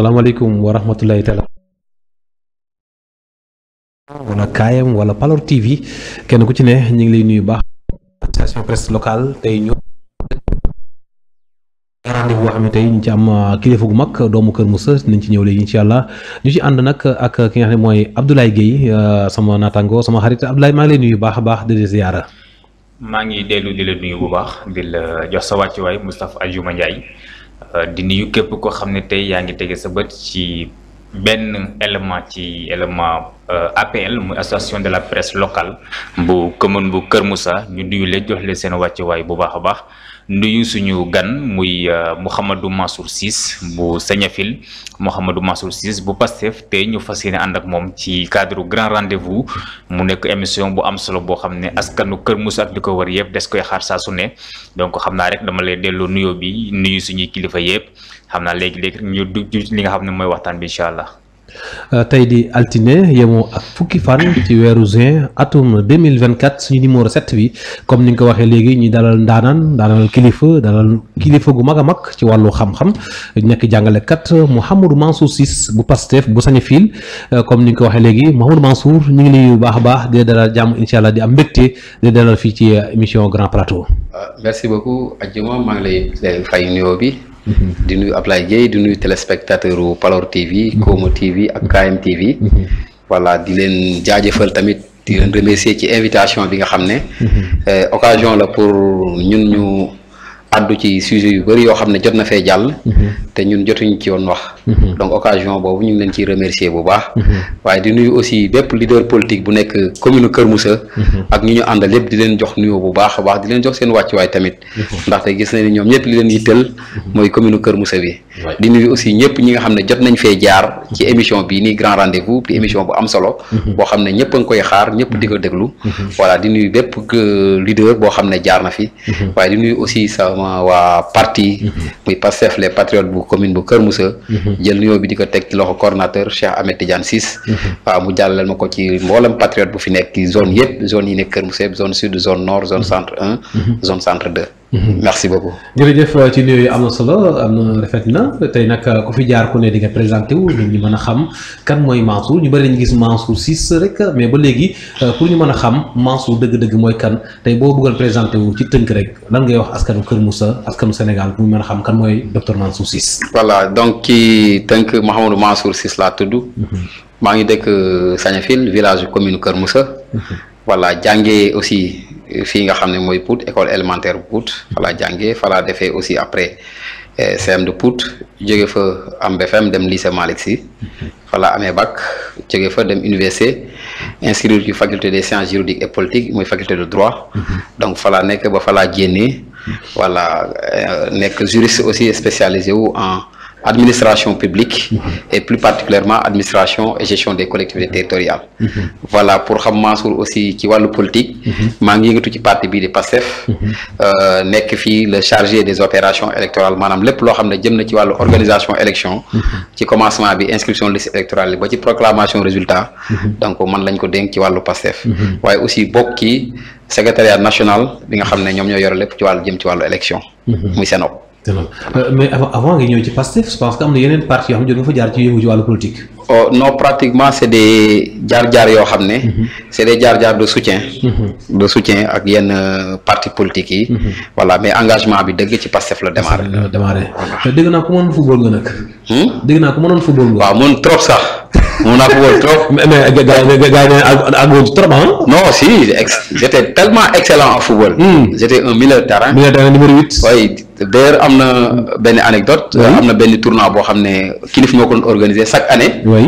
Assalamualaikum warahmatullahi taala wala kayam wala Palor TV kenn ku ci ne ñi ngi lay nuyu baax station presse locale tay ñu rendez-vous boo xam ne ñu ci am ah, kilifa gu mak doomu keur Moussa nañ ci ñew léegi inshallah ñu ci and nak ak ki nga xam moy Abdoulaye Gueye ah, sama natango sama xarit Abdoulaye ma ngi lay nuyu baax baax de ziyaara ma ngi delu di la nuyu bu baax di la jox sa way Moustapha Aljuma Ndiaye Eh, di nuyu képp ko xam ne tey yaa ngi tege sa bët ci benn élément ci élément uh, eh, APL muy association de la presse locale bu commune bu Kër Moussa ñu nuyu leen jox leen seen wàcce waay bu baax baax. nuyu suñu gan muy euh, Mouhamadou Mansour Ciss bu Sañafil Mouhamadou Mansour Ciss bu Pastef te ñu fas yéene ànd ak moom ci cadre grand rendez mu nekk émission bu am solo boo xam ne askanu Kër Moussa ak li ko war yëpp des koy xaar saa su ne donc xam naa rek dama lay delloo nuyo bi nuyu suñuy kilifa yëpp xam naa léegi léegi ñu du li nga xam ne mooy waxtaan bi incha allah. Euh, tey di altine yemoo ak fukki fan ci weeru juin atum 2024 suñu numéro 7 bi comme ni nga ko waxee léegi ñu dalal ndaanaan daanal kilifa dalal kilifa gu mag a mag ci wàllu xam-xam nekk jàngalekat Mouhamadou Mansour Ciss bu Pastef bu sañ fiil euh, comme ni nga ko waxee léegi Mouhamadou Mansour ñu ngi nuyu bu baax baax di dalal jàmm incha allah di am mbégte di dalal fii ci euh, émission Grand Plateau. merci beaucoup Adjuma maa ngi lay fay nuyoo bi. Mm-hmm. di nuyu Ablaye Dieye di nuyu téléspectateur Palor TV mm-hmm. Komo TV ak KM TV mm-hmm. voilà di leen jaajëfal tamit di leen remercier ci invitation bi nga eh, occasion la pour ñun ñu addu ci sujet yu bëri yoo xam ne jot na fee jàll mhm. te ñun jotuñ ci yoon wax mhm. donc occasion boobu ñu ngi leen ciy remercier bu baax mhm. waaye di nuyu aussi bépp leader politique bu nekk commune Kër Moussa ak ñu ñu àndal lépp di leen jox nuyoo bu baax a baax di leen jox seen wàccuwaay tamit ndaxte gis na ni ñoom ñëpp li leen yitteel mooy communo Kër Moussa bi di nuy aussi ñëpp ñi nga xam ne jot nañ fee jaar ci émission bii nii grand rendez-vous di bu am solo boo xam ne ñëpp a ngi koy xaar ñëpp di ko déglu voilà di nuyu bépp euh, leader boo xam ne jaar na fi sama waa parti mhm. muy Pastef les patriotes bu commune bu Kër Moussa mhm. jël nuyoo bi di ko teg ci loxo coordonnateur Cheikh Ahmed Tidiane Ciss mhm. waaw mu jàllale ma ko ci mboolem patriote bu fi nekk zone yëpp zone yi nekk Kër Moussa yëpp zone sud zone nord zone centre 1 zone centre 2 Mhm. merci beaucoup. jërëjëf ci nuyu am na solo am na rafet na tey nag uh, ku fi jaar ku ne di nga présenté wu ñu mën a xam kan mooy Mansour ñu bëri dañu gis Mansour Ciss rek mais ba léegi uh, pour ñu mën a xam Mansour dëgg-dëgg mooy kan tey boo bëggoon présenté wu ci tënk rek lan ngay wax askanu Kër Moussa askanu Sénégal pour ñu mën a xam kan mooy docteur Mansour Ciss. voilà donc ci tënk Mouhamadou Mansour Ciss laa tudd. Mhm. maa ngi dëkk uh, Sagnafil village commune Kër Moussa. Mhm voilà jangé aussi fi nga xamné moy école élémentaire bu Pout jangé voilà défé aussi après eh, CM de Pout jóge fa am BFM dem lycée Malick Sy fa mes bac jóge fa dem université inscrit du faculté des sciences juridiques et politiques moy faculté de droit donc voilà, n'est que ba fa laa voilà eh, juriste aussi spécialisé ou en administration publique et plus particulièrement administration et gestion des collectivités territoriales voilà pour xam aussi aussi voit le politique maa ngi tout parti de di PASTEF est euh, le chargé des opérations électorales maanaam lépp loo xam ne jëm na ci wàllu organisation élection ci commencement bi inscription liste électorale ba proclamation résultat donc man lañ ko dénk ci wàllu PASTEF aussi Bokki, secrétaire national bi nga fait l'élection. ñoom ñoo ci te euh, loolu mais avant nga ñëw ci Pastef je pense que am na yeneen parti yoo xam ne dafa jaar ci yëngu ci wàllu politique. oh pratiquement c' est jaar-jaar yoo xam ne. Mhm. c' est jaar-jaar de soutien. Mhm. de soutien ak yenn euh, parti politique yi. Mhm. voilà mais engagement bi dëgg ci Pastef la démarré. démarré dégg naa ko mënoon football nga nag. Hmm? dégg naa ko mënoon football nga. waaw mën trop sax. on a couru trop. mais mais gars gagné à yi trop hein? non si j'étais tellement excellent en football. Hmm. j'étais un milieu de terrain. milieu de terrain numéro 8. oui d'ailleurs y a une anecdote. am a benn tournoi boo xam ne kilif organisé chaque année. oui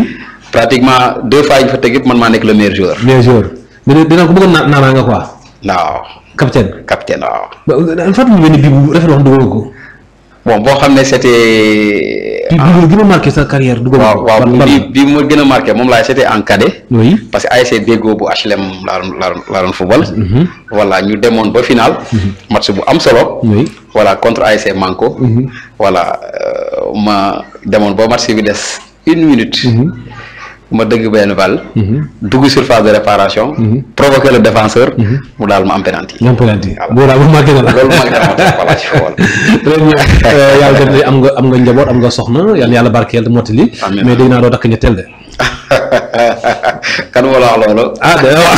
pratiquement deux fois il faut fa teg yëpp man maa le meilleur joueur. meilleur joueur mais dina ko bëggoon naanaa nga quoi. Non. capitaine capitaine waaw. ba fàttali fait, benn bii bu rafet wax ko. bon boo xam ne c'était. bi bi ma marqué sa carrière. duggagul waaw waaw bi bi gën a marqué moom laay c'était en cadet. parce que ASC Déggo bu HLM laa doon laa football. Mhm. voilà ñu demoon ba finaal mhm. match bu am solo. oui voilà contre ASC Manko. Mhm. voilà euh, ma demoon ba match bi des une minute. ma dëgg benn balle. Mhm. dugg surface de réparation. Mhm. provoquer le défenseur. Mhm. mu daal ma am penalty. ma am penalty boo daal ma gënal loolu ma gënal voilà ci football. Euh, yàlla def na am nga am nga njaboot am nga soxna yàlla mais dégg naa doo takk ñetteel de. kan wala wax loolu. ah de waaw.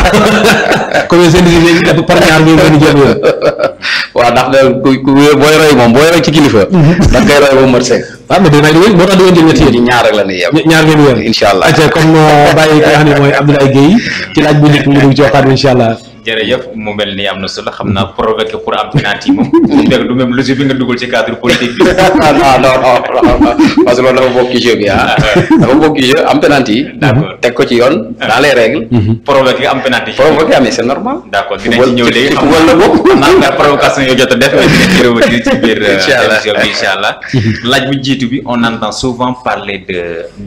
waaw ndax da ku ku booy roy moom booy roy ci kilifa. Mhm. da koy roy ba mu mën sekk. ah mais dinañ wéy tax di ngeen jël ñetti yéen ñaar rek la ñuy ñaar ngeen yem incha allah. comme euh, bàyyi ki nga xam ne mooy Abdoulaye Guèye ci laaj bu njëkk ñu dugg ci waxtaan bi incha allah. jerejeuf mu melni ni am na solo xam naa pour am penalty mom deug du même logique bi nga duggal ci cadre politique ah, non non non parce que lolu bokki jeu bi ah. ah dafa bokk jeu am penalty. d'accord tek ko ci yoon. Ah. dans les règles. Mhm. provoquer am penalty. provoquer amee c'est normal. d'accord dina ci ñew léegi xam nga am na provocation yo jotta a def ay ci rew ci ci bir euh, inshallah émission mhm. laaj bu jitu bi on entend souvent parler de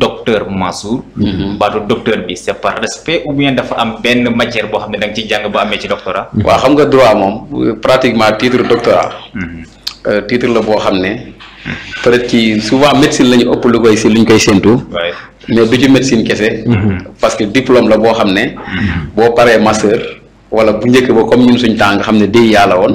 docteur Mansour. do mhm. docteur bi c'est par respect ou bien dafa am ben matière bo xamne dang ci jang ba amee ci doctorat. Mhm. xam nga droit moom pratiquement titre doctorat. Mhm. Euh, titre la boo xam ne. Mhm. peut-être ci souvent médecine lañu ñu ëpp lu koy si lu ñu koy séntu. mais du ci médecine kese. parce que diplôme la boo xam ne. boo paree master. wala bu njëkk ba comme ñu suñ temps nga xam ne day yàlla woon.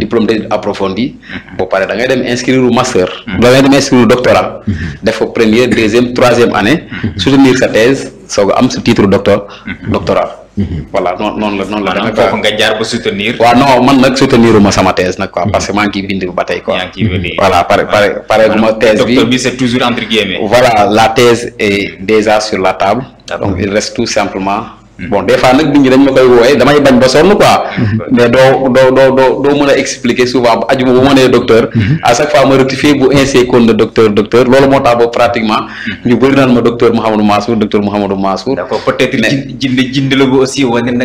diplôme d'études approfondies. boo paree da ngay dem inscrire u master. da ngay dem inscrire doctorat. def fa première deuxième troisième année. soutenir sa thèse soog a am sa titre docteur. doctorat. Mhm. voilà non non la non la. demee foofu nga jaar ba soutenir. wa non man nak soutenir ma sama thèse nak quoi parce que maa ngi ciy quoi. Mhm. voilà pare pare pare gu ma thèse bi docteur bi c'est toujours entre guillemets. voilà la thèse est déjà sur la table. donc il reste tout simplement. bon des fois nag nit ñi dañ ma koy woowee damay bañ ba sonn quoi. mais doo doo doo doo mën a expliquer souvent aju ma bu ma nee docteur. Mhm. à chaque fois ma rectifier bu insee kon na docteur tax boobu pratiquement. Mhm. ñu bëri naan ma docteur Mouhamadou Mansour docteur Mouhamadou Mansour. am xam-xam moo que est ko woowee. fu ñu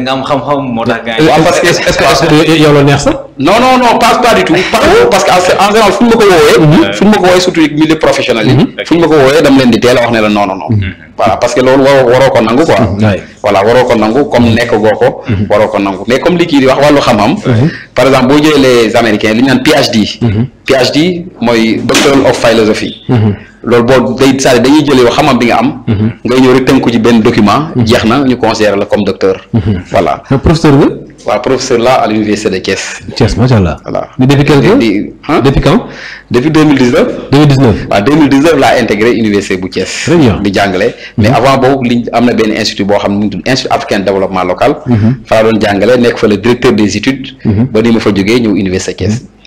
ma ko woowee mhm. surtout milieu professionnel fu ñu ma ko woowee dama leen di teel a wax ne la non voilà parce que loolu waroo waroo ko nangu quoi. Mhm. voilà waroo ko nangu comme mhm. nekk goo ko. Mhm. waroo ko nangu mais comme li kii di wax wàllu xam par exemple boo jëlee les américains li ñu PhD. PhD mooy doctoral of philosophy. loolu boo day saa dañuy jëlee yow xam bi nga am. ngay ñëw rek tënku ci benn document. jeex na ñu considère la comme docteur. voilà waaw professeur là à l'université de Kies. Thiès moi allah. voilà mais depuis quel temps hein? depuis quand. depuis 2019. 2019 waaw 2019 là, intégré université bu Thiès. très bien mhm. mais avant boobu liñ am na institut boo xam institut africain de développement local. Mhm. fa laa doon jàngale fa le directeur des études. Mhm. ba ni ma fa jógee ñëw université Thiès.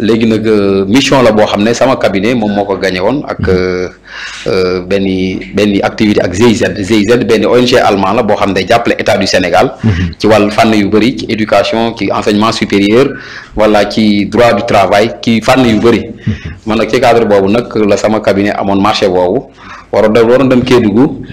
léegi nag euh, mission la boo xam ne sama cabinet moom moo ko gagné woon ak euh, euh, benn benn activité ak GIZ GIZ benn ONG allemand la boo xam ne jàppale état du Sénégal. Mm-hmm. ci wàllu fànn yu bëri ci éducation ci enseignement supérieur wala ci droit du travail ci fànn yu bëri. Mm-hmm. man nag ci cadre boobu nag la sama cabinet amoon marché boobu waroon dem waroon dem Kédougou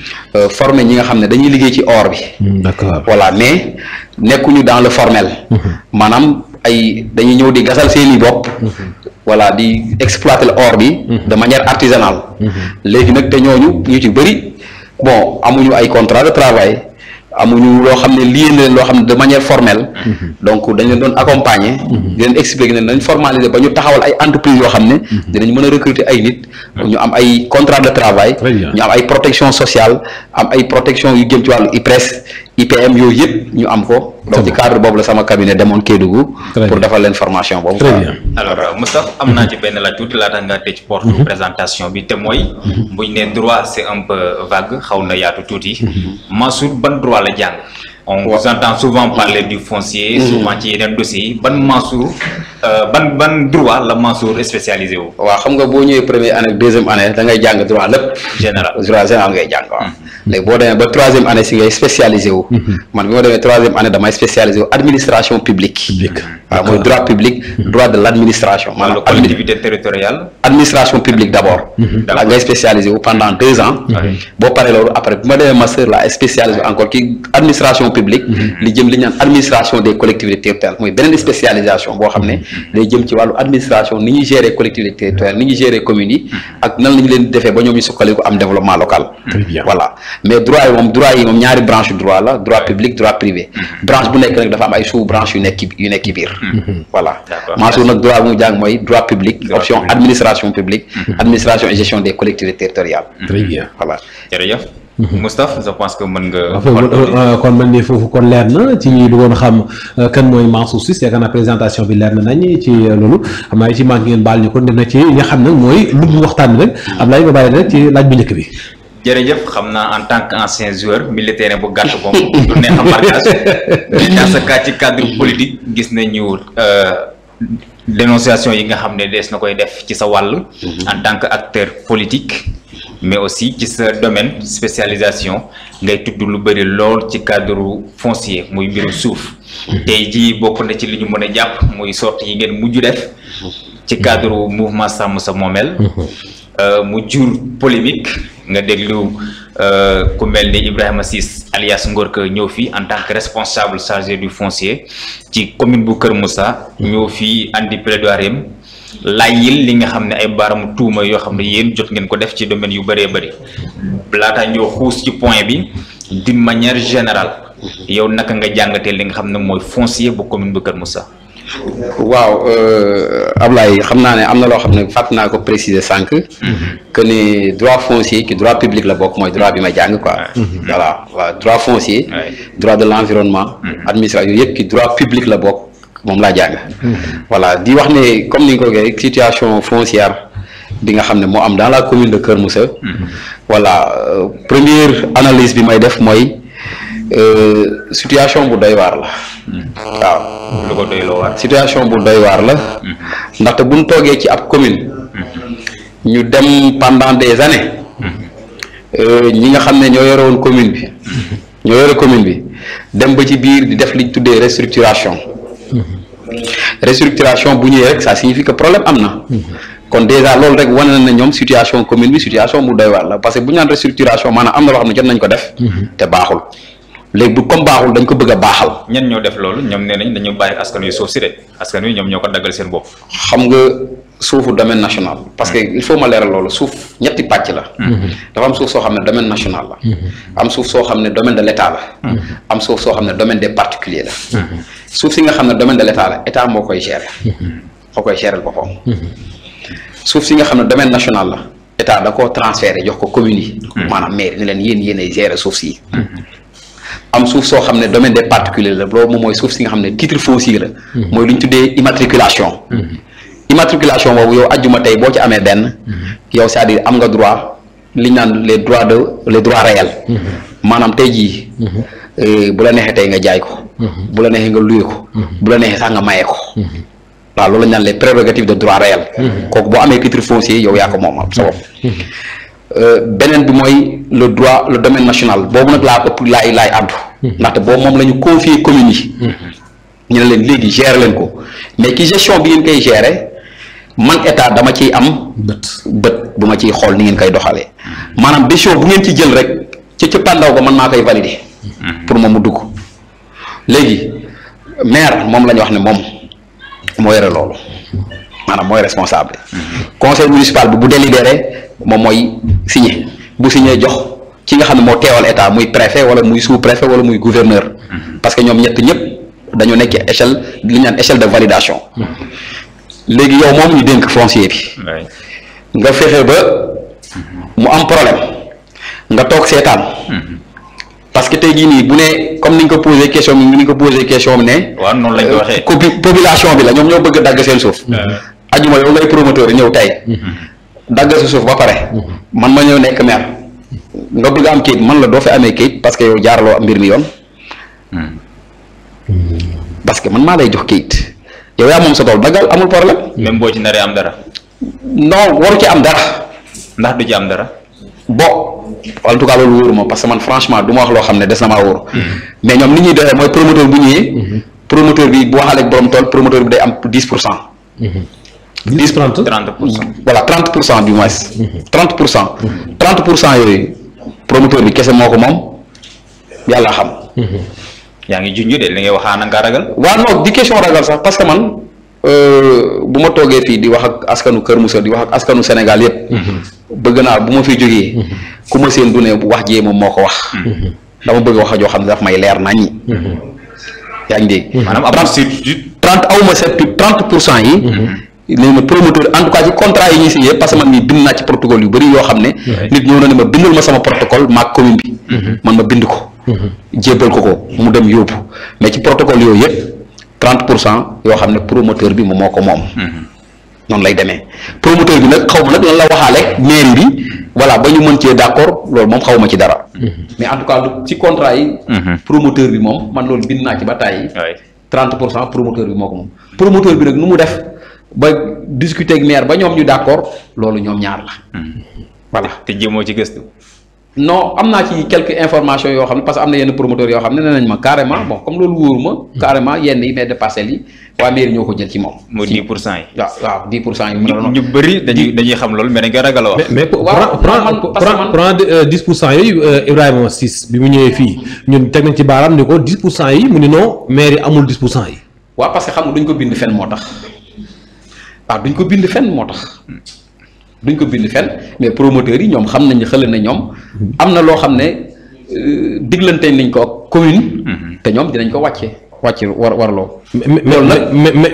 former ñi nga xam ne dañuy liggéey ci or bi. Mm, d'accord voilà mais nekkuñu dans le formel. Mm-hmm. maanaam ay dañuy ñëw di gasal seeni bopp. Mhm. voilà di exploiter l'or bi. Mhm. de manière artisanale. Mhm. léegi nag te ñooñu ñu ci bëri bon amuñu ay contrat de travail amuñu loo xam ne lié na leen loo xam ne de manière formelle. donc dañ leen doon accompagner. di leen expliquer ne dañ formaliser ba ñu taxawal ay entreprise yoo xam ne. dinañ mën a recruter ay nit. ñu am ay contrat de travail. ñu am ay protection sociale am ay protection yu jëm ci wàllu IPRES. IPM yooyu yëpp ñu am ko. donc ci cadre boobu la sama cabinet demoon Kédougou. pour defal leen formation boobu. très bien alors euh, Moustapha am naa ci benn laaj tuuti laata nga tëj porte mhm. présentation bi te mooy. Mhm. buñ ne droit c' est un peu vague xaw na yaatu tuuti. Mhm. Mansour ban droit la jàng. on vous entend souvent parler du foncier. souvent ci yeneen dossiers yi ban Mansour euh, ban ban droit la Mansour spécialisé wu. waaw xam nga boo ñëwee première année deuxième année da ngay jàng droit lépp. général droit général ngay jàng waaw. les boo demee ba troisième année c'est spécialisé wu. Mhm. man bi ma troisième année damay spécialisé wu administration publique. ah, mooy droit public. Mhm. droit de l'administration administration. collectivité territoriale. administration publique d'abord mhm. abord. da ngay spécialisé wu pendant deux ans. boo paree loolu après bi ma master la spécialisé encore qui administration publique. les jëm li administration des collectivités territoriales mooy beneen spécialisation bon ramener les day jëm ci l'administration administration ni gérer collectivités territoriales ni ñuy gérer communes yi ak nan la leen di defee ba ñoom ñu sukkaliku am développement local. voilà mais droit yi moom droit yi moom ñaari branche droit la droit public droit privé mhm. branche bu nek nag dafa am ay sous branche yu nek yu nek biir mhm. voilà Mansour nak droit bu mu jàng droit public option administration publique mhm. administration et gestion des collectivités territoriales très bien voilà jërëjëf Moustapha je pense que mën nga. Euh, euh, kon man ni foofu kon leer na ci ñi bëggoon xam euh, kan moy Mansou Ciss yaakaar présentation bi leer na nañ ci lolu xam naa ci manqué ngeen baal ñu ko def ci ñi nga xam nak moy lu mu waxtaan bi rek Ablaye ba bàyyi rek ci laaj bu njëkk bi jërëjëf xamna en tant qu'ancien joueur militaire bu gatt moom du ne marquage mais dans ce cas ci cadre politique gis nañu euh, dénonciation yi nga xamné ne nakoy def ci sa wall mhm. en tant qu'acteur politique mais aussi ci sa domaine spécialisation ngay tuddu lu bëri lool ci cadre foncier muy mbiru souf mhm. tay ji bokk na ci li ñu mën a muy sorte yi ngeen mujj def mhm. ci cadre mouvement sam sa euh mu jur polémique nga déglu euh, ku mel ni Ibrahima Ciss alias Ngorka ñëw fi en tant que responsable chargé du foncier ci commune bu Kër Moussa ñëw fi andi plaidoirie am layyil li nga xam ne ay baaramu tuuma yoo xam ne yéen jot ngeen ko def ci domaine yu bëree bëri laata ñoo xuus ci point bi d'une manière générale yow naka nga jàngatee li nga xam ne mooy foncier bu commune bu Kër Moussa. waaw euh, Ablaye xam naa ne am na loo xam ko préciser sànq. Mhm. que droit foncier qui droit public la bokk mooy droit bi ma quoi. Mhm. voilà droit foncier. droit de l'environnement, administratif, mhm. administration yooyu droit public la bokk moom laa jàng. voilà di wax comme ni nga situation foncière. bi nga xam mo am dans la commune de Keur Moussa. voilà euh, première analyse bi may def mooy Euh, situation bu doy waar la. Hmm. waaw lu situation bu doy waar la. Hmm. ndaxte bu ñu toogee ci ab commune. Hmm. ñu dem pendant des années. Euh, ñi nga xam ne ñoo yore woon commune bi. ñoo yore commune bi dem ba ci biir di def liñ tuddee restructuration. restructuration bu ñëwee rek ça signifie que problème am na. kon déjà loolu rek wane na ñoom situation commune bi situation bu doy waar la parce que bu ñu naan restructuration maanaam am na loo xam ne jot nañ ko def. te baaxul. léegi bu comme baaxul dañ ko bëgg a baaxal. ñenn ñoo def loolu ñoom nee nañ dañu bàyyi askan wi suuf si de askan wi ñoom ñoo ko daggal seen bopp. xam nga national. parce que hmm. il faut ma loolu suuf ñetti pàcc la. Hmm. suuf soo xam ne domaine national la. Hmm. am suuf soo xam ne domaine de l' am suuf soo xam ne domaine des particuliers suuf si xam ne domaine de l' état moo koy gérer. moo koy gérer boppam. suuf si nga xam ne domaine national la état da koo transféré jox ko communes yi. maanaam maire ni leen yéen yéen ay gérer suuf si. am suuf soo xam ne domaine de particuliers la loolu moom mooy suuf si nga xam ne titre foncier la. Mm-hmm. mooy lu ñu tuddee immatriculation. Mm-hmm. immatriculation boobu yow ajjuma tey boo ci amee benn. Mm-hmm. yow cest à am nga droit li ñu naan les droits de les droits réels. maanaam tey jii. Euh, bu la neexee tey nga jaay ko. bu la neexee nga luye ko. bu la neexee sax nga maye ko. waaw loolu la ñu naan les de droit réel. kooku boo amee titre foncier yow yaa ko moom sa bopp. Euh, beneen bi mooy le droit le domaine national boobu nag laa ëpp laay laay àddu. Hmm. ndaxte boobu moom la ñu confier communes yi. Hmm. ñu ne leen léegi gérer leen ko mais ki gestion bi ngeen koy gérer man état dama ciy am. bët bu ma ciy xool ni ngeen koy doxalee. maanaam décision bu ngeen ci jël rek ci ca cëppaandaw ba man maa koy valider. Hmm. pour moom mu dugg léegi maire moom la wax ne moom moo yore loolu. maanaam mooy responsable conseil municipal bu délibéré moom moy signé bu signé jox ki nga xam mo téwal état muy préfet wala muy sous préfet wala muy gouverneur parce que ñom ñet ñep dañu nekk échelle li ñaan échelle de validation légui yow mom ñu denk foncier bi nga fexé ba mu am problème nga tok seetaan mhm. parce que tey jii nii bu né comme ni ñu ko posé question bi ni ñu ko posé question bi ne. waaw noonu la ñu ko waxee. Euh, population bi la ñoom ñoo bëgg dagg seen suuf. ajuma yow ngay promoteur ñëw tey. Mm-hmm. dagg sa suuf ba pare. Mm-hmm. man ma ñëw nekk maire. nga bëgg am kayit man la doo fi amee kayit parce que yow jaaraloo am mbir mi yoon. Mm-hmm. parce que man maa lay jox kayit. yow yaa moom sa tool daggal amul problème. même boo ci naree am dara. non waru ci am dara. ndax du ci am dara. bon. en tout cas loolu wóoruma parce que man franchement du wax lo xam ne des na ma wour mais ñom ni ñi doxee moy promoteur bu ñi promoteur bi bu waxaale ak borom tol promoteur bi day am 10% pour cent 30% voilà 30% du moins 30% 30% yoy promoteur bi kese moko mom yalla xam yaa ngi junj de li ngay waxana nga ragal wa non di question ragal sax parce que man Eh, buma toge fi di wax ak askanu keur musa di wax ak askanu senegal yeb mhm. beug na buma fi joge mhm. ku ma seen dune bu wax jee moom moo wax. Mhm. dama beug wax jo xam daf may leer nañ yaa ngi dégg. maanaam ab trente aw sept 30% yi. nee promoteur en tout cas ci contrat yi ñuy signé parce que man mii bind na ci protocole yu bari yo xamne nit ñëw na ma bindul ma sama protocole ma commune bi. man ma bind ko. jébbal ko ko mu dem yobu mais ci protocole yooyu 30 pour cent yoo xam ne promoteur bi moom moo ko moom. noonu lay demee promoteur bi nag xaw ma nag lan la waxaale mairie bi voilà ba ñu mën cee d' accord loolu moom xaw ma ci dara. Mm-hmm. mais en tout cas ci contrat yi. Mm-hmm. promoteur bi moom man loolu bind naa ci ba tàyyi. 30 pour cent promoteur bi moo ko moom. promoteur bi nag nu mu def ba discuter ak maire ba ñoom ñu d' accord loolu ñoom ñaar la. Mm-hmm. voilà te jéemoo ci gëstu. non am naa ci quelques information yoo xam ne parce que am na yenn promoteurs yoo xam ne nee nañ ma carrément bon comme loolu wóoru ma carrément yenn yi mais de yi waa mairie ñoo ko jël ci moom. mooy 10 pour cent yi. waaw waaw 10 pour cent yi. mu a wax. mais prend 10 euh, pour cent euh, bi mu ñëwee fii ñun teg nañ ci baaraam ni ko 10 pour cent yi mu ni non mairie amul 10 pour cent yi. waaw parce que xam nga duñ ko bind fenn moo tax waaw ah, duñ ko bind fenn moo tax. duñ ko bind fenn mais promoteurs yi ñoom xam nañu xële na ñoom am na loo xam ne euh, diglante nañ ko ak commune. Mhm. te ñoom dinañ ko wàcce wàcce war warloo. loolu nag mais mais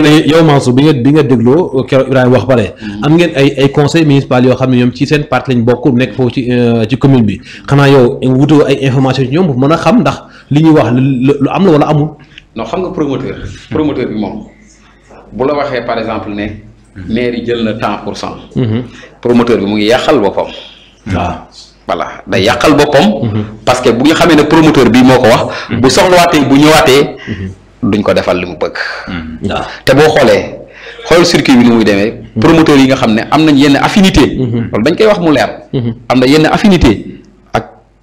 mais yow Mansour bi nga bi nga dégloo euh, keroog Ibrahima wax bare mhm. am ngeen ay ay conseil municipal yoo xam ne ñoom ci seen parti lañ bokk nekk foofu ci euh, ci commune bi xanaa yow wutoo ay information ci ñoom mën a xam ndax li ñuy wax lu am la wala amul. noo xam nga promoteur. promoteur bi moom bu la waxee par exemple ne. Mm-hmm. maire jël na tant pour cent. Mm-hmm. promoteur bi mu ngi yàqal boppam. waaw ah. voilà day yàqal boppam. Mm-hmm. parce que bu ñu xamee ne promoteur bii moo ko wax. bu soxlawaatee bu ñëwaatee. duñ ko defal li mu bëgg. waaw ah. te boo xoolee xool circuit bi ni muy demee. promoteur yi nga xam ne am nañ yenn affinité. loolu dañ koy wax mu leer. am na yenn affinité.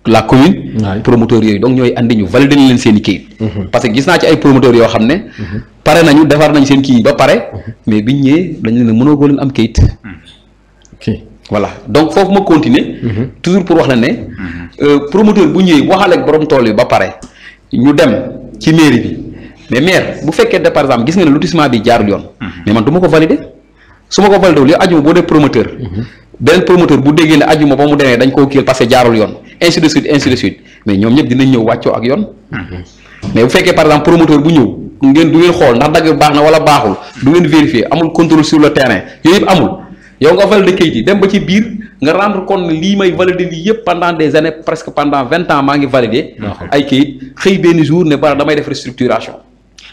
la commune. promoteur yooyu donc ñooy andi ñu valider leen seen i kayit. Mhm. parce que gis naa ci ay promoteurs yoo xam ne. Mhm. pare nañu defar nañ seen kii ba pare. Mhm. mais biñ ñëwee dañu leen mënoo leen am kayit. voilà donc foofu ma continuer. toujours pour wax la ne. Euh, promoteur bu ñëwee waxal borom tool yi ba pare ñu dem ci mairie bi mais maire bu fekkee de par exemple gis nga ne lotissement bi jaarul yoon. mais man du ma ko valider su ma ko valider wul yow aju ben promoteur bu déggee ne ajuma ba mu demee dañ ko kiil passé que jaarul yoon ainsi de suite ainsi de suite mais ñom ñep dinañ ñew waccio ak yoon. Mm-hmm. mais bu féké par exemple promoteur bu ñew ngeen du ngeen xol ndax dagg baxna wala baxul du ngeen vérifier amul contrôle sur le terrain yépp amul yow nga valider kayit yi dem ba ci biir nga rendre compte li may valider li yépp pendant des années presque pendant 20 ans ma ngi valider. Mm-hmm. ay kayit xey benn jour ne bara damay def restructuration.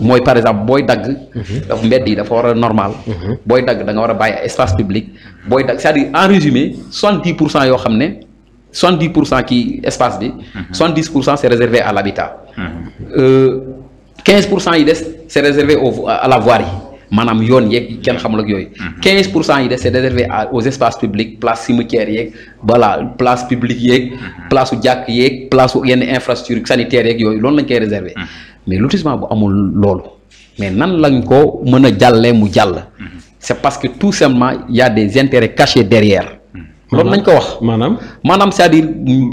moi par exemple boy dagg. Mhm. dafa mbedd yi dafa wara normal. Mhm. boy dagg da nga wara baye espace public. boy dagg c'est-à-dire en résumé 70% yo xamné 70% qui espace bi. 70% mhm. c'est réservé à l'habitat. euh 15% yi dess c'est réservé au à la voirie manam yone yek ken xamul ak yoy 15% yi dess c'est réservé aux espaces publics place cimetière yek voilà place publique yek place jak yek yeeg place yenn infrastructure sanitaire yek yoy loolu lañ koy réservé mais lotissement bu amul lolu mais nan lañ ko meuna jallé mu jall mhm. c'est parce que tout simplement il y a des intérêts cachés derrière. Mhm. lolu nañ ko wax. manam manam c'est-à-dire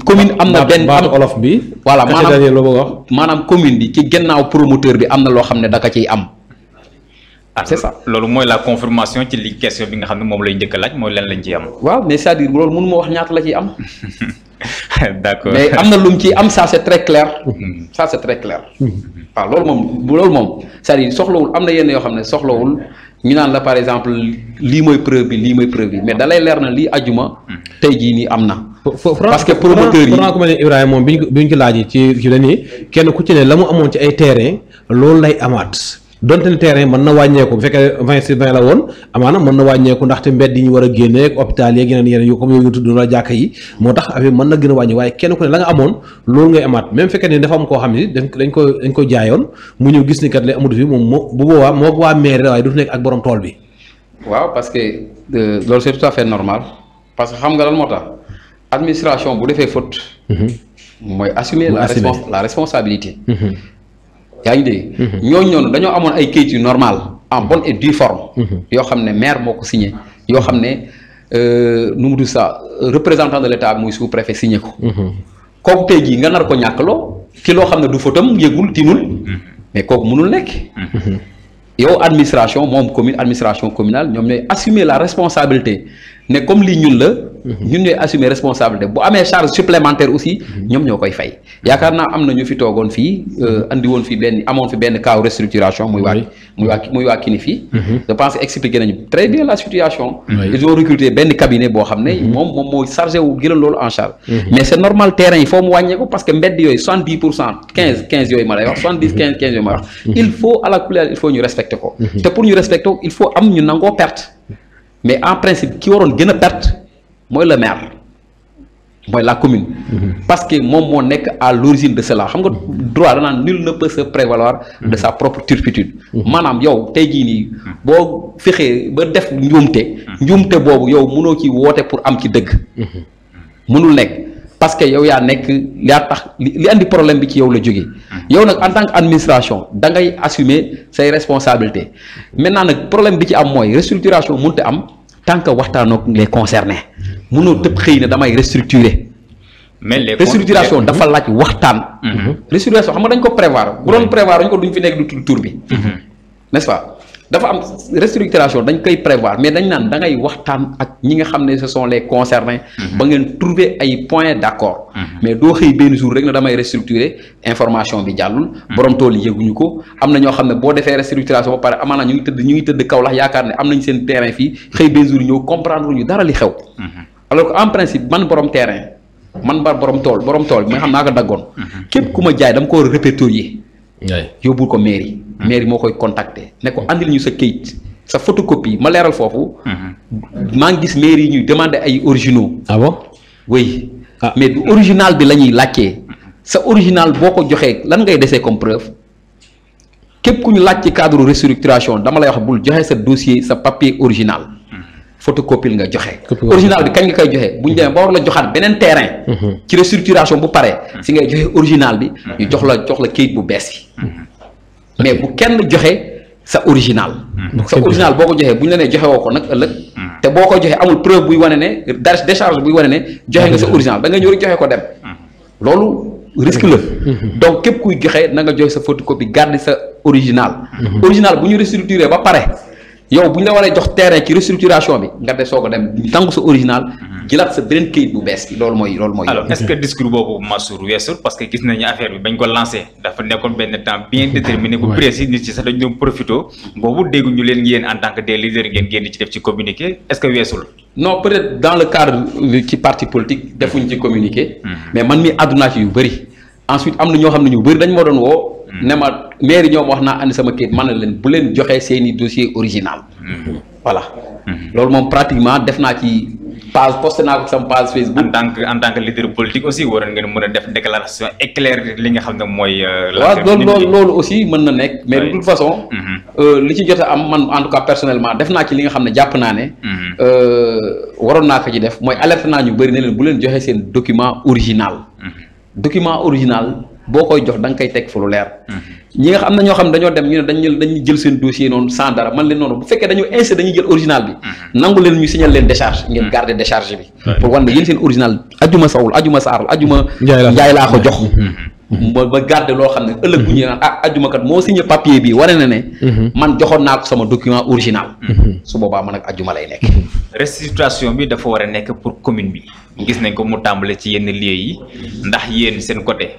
commune am na. benn baatu olof bi. voilà wax manam commune bi ci gennaw promoteur bi amna lo xamné da ka daka ciy am. Ah, c'est ça lolu moy la confirmation ci li question bi nga xamné mom lay njëkk a laaj mooy lan lañ ci am. waaw mais c'est-à-dire lolu loolu mënuma wax ñaata la ciy am. d'accord mais amna na ci am ça c'est très clair. Hmm. ça c'est très clair. Hmm. lool mom moom lool mom. c'est-à-dire soxlawul amna na yenn yoo soxlawul ñu nan la par exemple li moy preuve bi li moy preuve bi mais dalay lerr na li ajuma hmm. tay ji ni amna parce que promoteur yi Franck ku mel Ibrahim mom biñ bi ñu ko bi ñu ci dañ ni kenn ku ci ne la amon ci ay terrain lool lay amat donte ne terrain mën na wàññeeku bu fekkee vingt sur vingt la woon amaana mën na wàññeeku ndaxte mbedd yi ñu war a génne ak hôpital yeeg yeneen yeneen yu comme yooyu tudd la jàkka yi moo tax affaire mën na gën a wàññi waaye kenn ku ne la nga amoon loolu ngay amaat même fekkee ne dafa am koo xam ne dañ ko dañ ko jaayoon mu ñëw gis ni kat la amatu fi moom moo bu boobaa moo waa maire waaye du nekk ak borom tool bi waaw parce que euh, loolu c'est tout à fait normal parce que xam nga lan moo tax administration bu defee faute mhm. mooy assumer la responsabilité mhm. yaa ngi dégg. Mhm. ñooñu dañoo amone ay kayit yu normal en bonne et due forme. Mhm. yo xamné maire moko signé yo xamné euh nu mu ça représentant de l'état moy sous préfet signé ko. Mhm. kooku tey jii nga nar ko ñàkkloo ki lo xamné du fotam yegul timul mais kooku mënul nek yow administration mom commune administration communale ñom ñooy assumer la responsabilité ne comme li ñun la. Mhm. ñun ñooy assumer responsabilité bu amé charge supplémentaire aussi. Mhm. ñom ñokoy fay. yakarna amna am ñu fi togon fi euh, mhm. andi won fi benn amone fi benn cas restructuration. muy wa muy wa muy wa kini fi je pense que nañu très bien la situation. ils ont recruté benn cabinet bo xamné mom mom moy moo chargé wu en charge. mais c'est normal terrain il faut mu wàññee ko parce que mbéd yoy 70% 15 15 yoy quinze ma lay wax 70 15 15 yoy ma wax. il faut à la couleur il faut ñu respecter ko. te pour ñu respecter il faut am ñu nango perte mais en principe qui auront une perte moi le maire moi la commune. Mhm. parce que moi, mon suis à l'origine de cela xam nga mhm. droit nul ne peut se prévaloir de mhm. sa propre turpitude. manam yow ni fait ba def bobu yow pour am ci mënul parce que yow ya nek li tax li andi problème bi ci yow la hmm. en tant qu'administration, administration da ngay assumer ses responsabilités maintenant le problème bi ci am moy restructuration mënut am tant que waxtaanoo les concernés mënoo tepp xeyna damay restructurer. mais les restructuration dafa laaj waxtan hmm. restructuration xam nga dañ ko prévoir bu doon prévoir ñu ko duñ fi nek du tour bi hmm. n'est-ce pas dafa am restructuration dañ koy prévoir mais dañ nan da ngay waxtan ak ñi nga xamné ce sont les concernés. Mhm. ba ngeen trouver ay points d'accord mhm. mais do xey benn jour rek na damay restructurer information bi jàllul. Mhm. borom tool yi ko amna ño xamné bo défé restructuration ba pare amana ñu ngi teud ñu ngi teud Kaolack yaakaar ne am nañ seen terrain fi xey benn jour ñeu comprendre ñu dara li xew. alors que en principe man borom terrain man bar borom tool borom tool bi xam naka ko képp jaay dama ko répertorier. yóbbul ko mairie. Hmm. mairie moo koy contacter ne ko andil ñu sa kayit sa photocopie ma leeral foofu. Hmm. maa ngi gis mairie yi ñuy demander ay originaux. ah bon oui ah. mais du original bi la ñuy laajtee hmm. sa original boo ko joxee lan ngay desee comme preuve képp ku ñu laaj ci cadre restructuration dama lay wax bul joxe sa dossier sa papier original. photocopie nga original bi kañ nga koy joxe buñu dem ba war la joxat benen terrain. Mhm. ci restructuration bu paré mhm. si original bi. ñu jox la jox la bu bess mhm. mais bu kenn joxe sa original. sa original boko ko buñu la né joxe woko nak ëlëk té boko amul preuve buy c'est original da nga ko risque la. donc képp kuy joxe nga c'est sa photocopie sa original. original vous ba paré yow bu ñu la a jox terrain ci restructuration bi nga de soog a dem nangu sa original. Mhm. jëlaat sa beneen këyit bu bees loolu mooy loolu mooy. alors est-ce que discours boobu Mansour weesul parce que gis nañu affaire bi bañ ko lancé dafa nekkoon benn temps bien déterminé bu précis nit ci sax dañu doon profité boobu dégguñu leen yéen en tant que des leaders ngeen génn ci def ci communiqué est-ce que weesul. non peut-être dans le cadre ci parti politique mhm. mi àdduna ci bëri. ensuite amna ñoo xamna ñu bëri dañ mo doon wo hmm. néma maire ñoom wax naa andi sama kayit man na leen bu leen joxé séni dossier original. Hmm. voilà. Hmm. lool mom pratiquement def naa ci page posté naa ko sama page Facebook. en tant que en tant que leader politique aussi waroon ngeen mëna def déclaration éclair li nga xam moy mooy. waaw lool lool aussi mën na nekk. mais de toute façon. Euh, li ci jot am man en tout cas personnellement def naa ci li nga xam japp na né euh waron naa ko ci def moy alerte na ñu bëri ne leen bu leen joxé seen document original. document original boo koy jox da nga koy teg fu lu leer. Mhm. ñi nga xam ne ñoo xam dañoo dem ñu ne dañu dañuy jël seen dossier noonu sans dara man leen noonu bu fekkee dañoo insé dañuy jël original bi. Mhm. nangu leen ñu signal leen décharge. ngeen mhm. garder décharge bi. pour wan ne yéen seen original ajuma sawul ajuma saarul ajuma. njaay laa ko jox. moo ba garder loo xam ne ëllëg bu ñu naan ah ajuma kat moo signé papier bi wane na ne. man joxoon naa ko sama document original. su boobaa man ak ajuma lay nekk. restitution bi dafa war a nekk pour commune bi. gis nañ ko mu tàmbale ci yenn lieux yi ndax yéen seen côté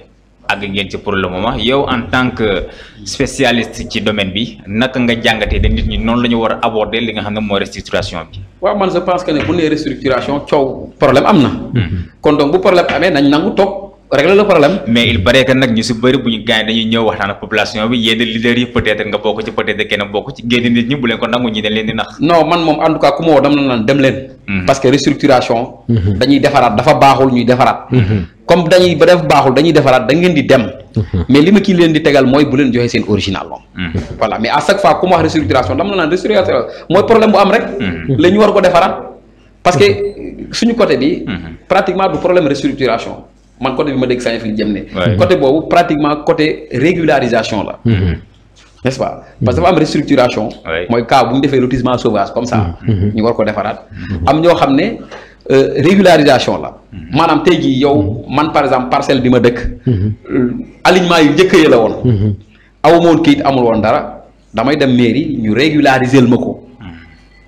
àgg ngeen ci pour le moment yow en tant que spécialiste ci domaine bi naka nga jàngatee da nit ñi noonu la ñu war a aborder li nga xam ne mooy restructuration bi. waaw man je pense que ne bu nee restructuration coow problème am na. Mm-hmm. kon donc bu problème amee nañ nangu toog. régler le problème mais il paraît que nak ñu ci bari buñu gaay dañuy ñëw waxtaan ak population bi yeen leader yi peut-être nga bokku ci peut-être kenn bokku ci génn nit ñi bu leen ko nangu ñi dañ leen di nax non man mom en tout cas ku mo dam na dem leen parce que restructuration dañuy défarat dafa baxul ñuy défarat comme dañuy ba def baxul dañuy défarat da ngeen di dem hmm. mais lima ki leen di tégal moy bu leen joxé sen original mom voilà mais à chaque fois ku mo wax restructuration dam na restructuration moy problème bu am rek hmm. lañu war ko défarat parce que hmm. suñu côté bi pratiquement du problème restructuration man côté bi ma dégg Saint-Fil jëm ne. côté boobu pratiquement côté régularisation la. Mm-hmm. n'est-ce pas mm-hmm. parce que dafa am restructuration. mooy cas bu ñu defee lotissement sauvage comme ça. Mm-hmm. ñu war ko defaraat. am ñoo xam ne euh, régularisation la. maanaam tey jii yow man par exemple parcelle bi ma dëkk. alignement yi njëkk yi la woon. aw ma woon kayit amul woon dara damay dem mairie ñu régulariser ma ko.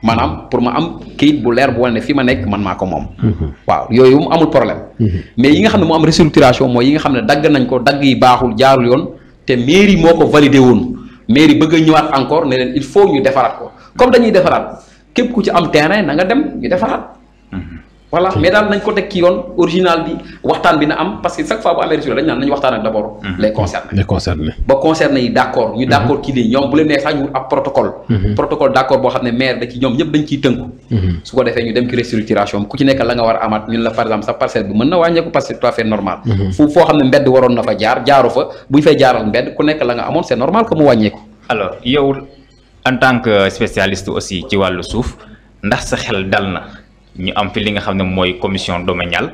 maanaam pour ma am kayit bu leer bu wane ne fi ma nekk man maa ko moom. Mhm. waaw yooyu mu amul problème. Mhm. mais yi nga xam ne moo am restructuration mooy yi nga xam ne dagg nañ ko dagg yi baaxul jaarul yoon te mairie moo ko validé woon mairie bëgg a ñëwaat encore ne leen il faut ñu defaraat ko comme dañuy defaraat képp ku ci am terrain na nga dem ñu defaraat. Mhm. voilà mais daal nañ ko teg ci yoon original bi waxtaan bi na am parce que chaque fois bu amee résultat dañ naan nañu waxtaan ak d' abord. Mhm. les concernés. les concernés ba concerné yi d' accord. ñu d' mhm. mhm. ci nekk la nga war a amaat ñun la par exemple sa parcelle bi mën na wàññeeku parce que tout à normal. foo xam ne mbedd waroon na fa jaar jaaro fa bu ñu fay jaaral mbedd ku nekk la nga amoon c' est normal que mu wàññeeku. alors yow en tant que spécialiste aussi ci wàllu suuf ndax sa xel dal na ñu am fi li nga xam ne mooy commission domaniale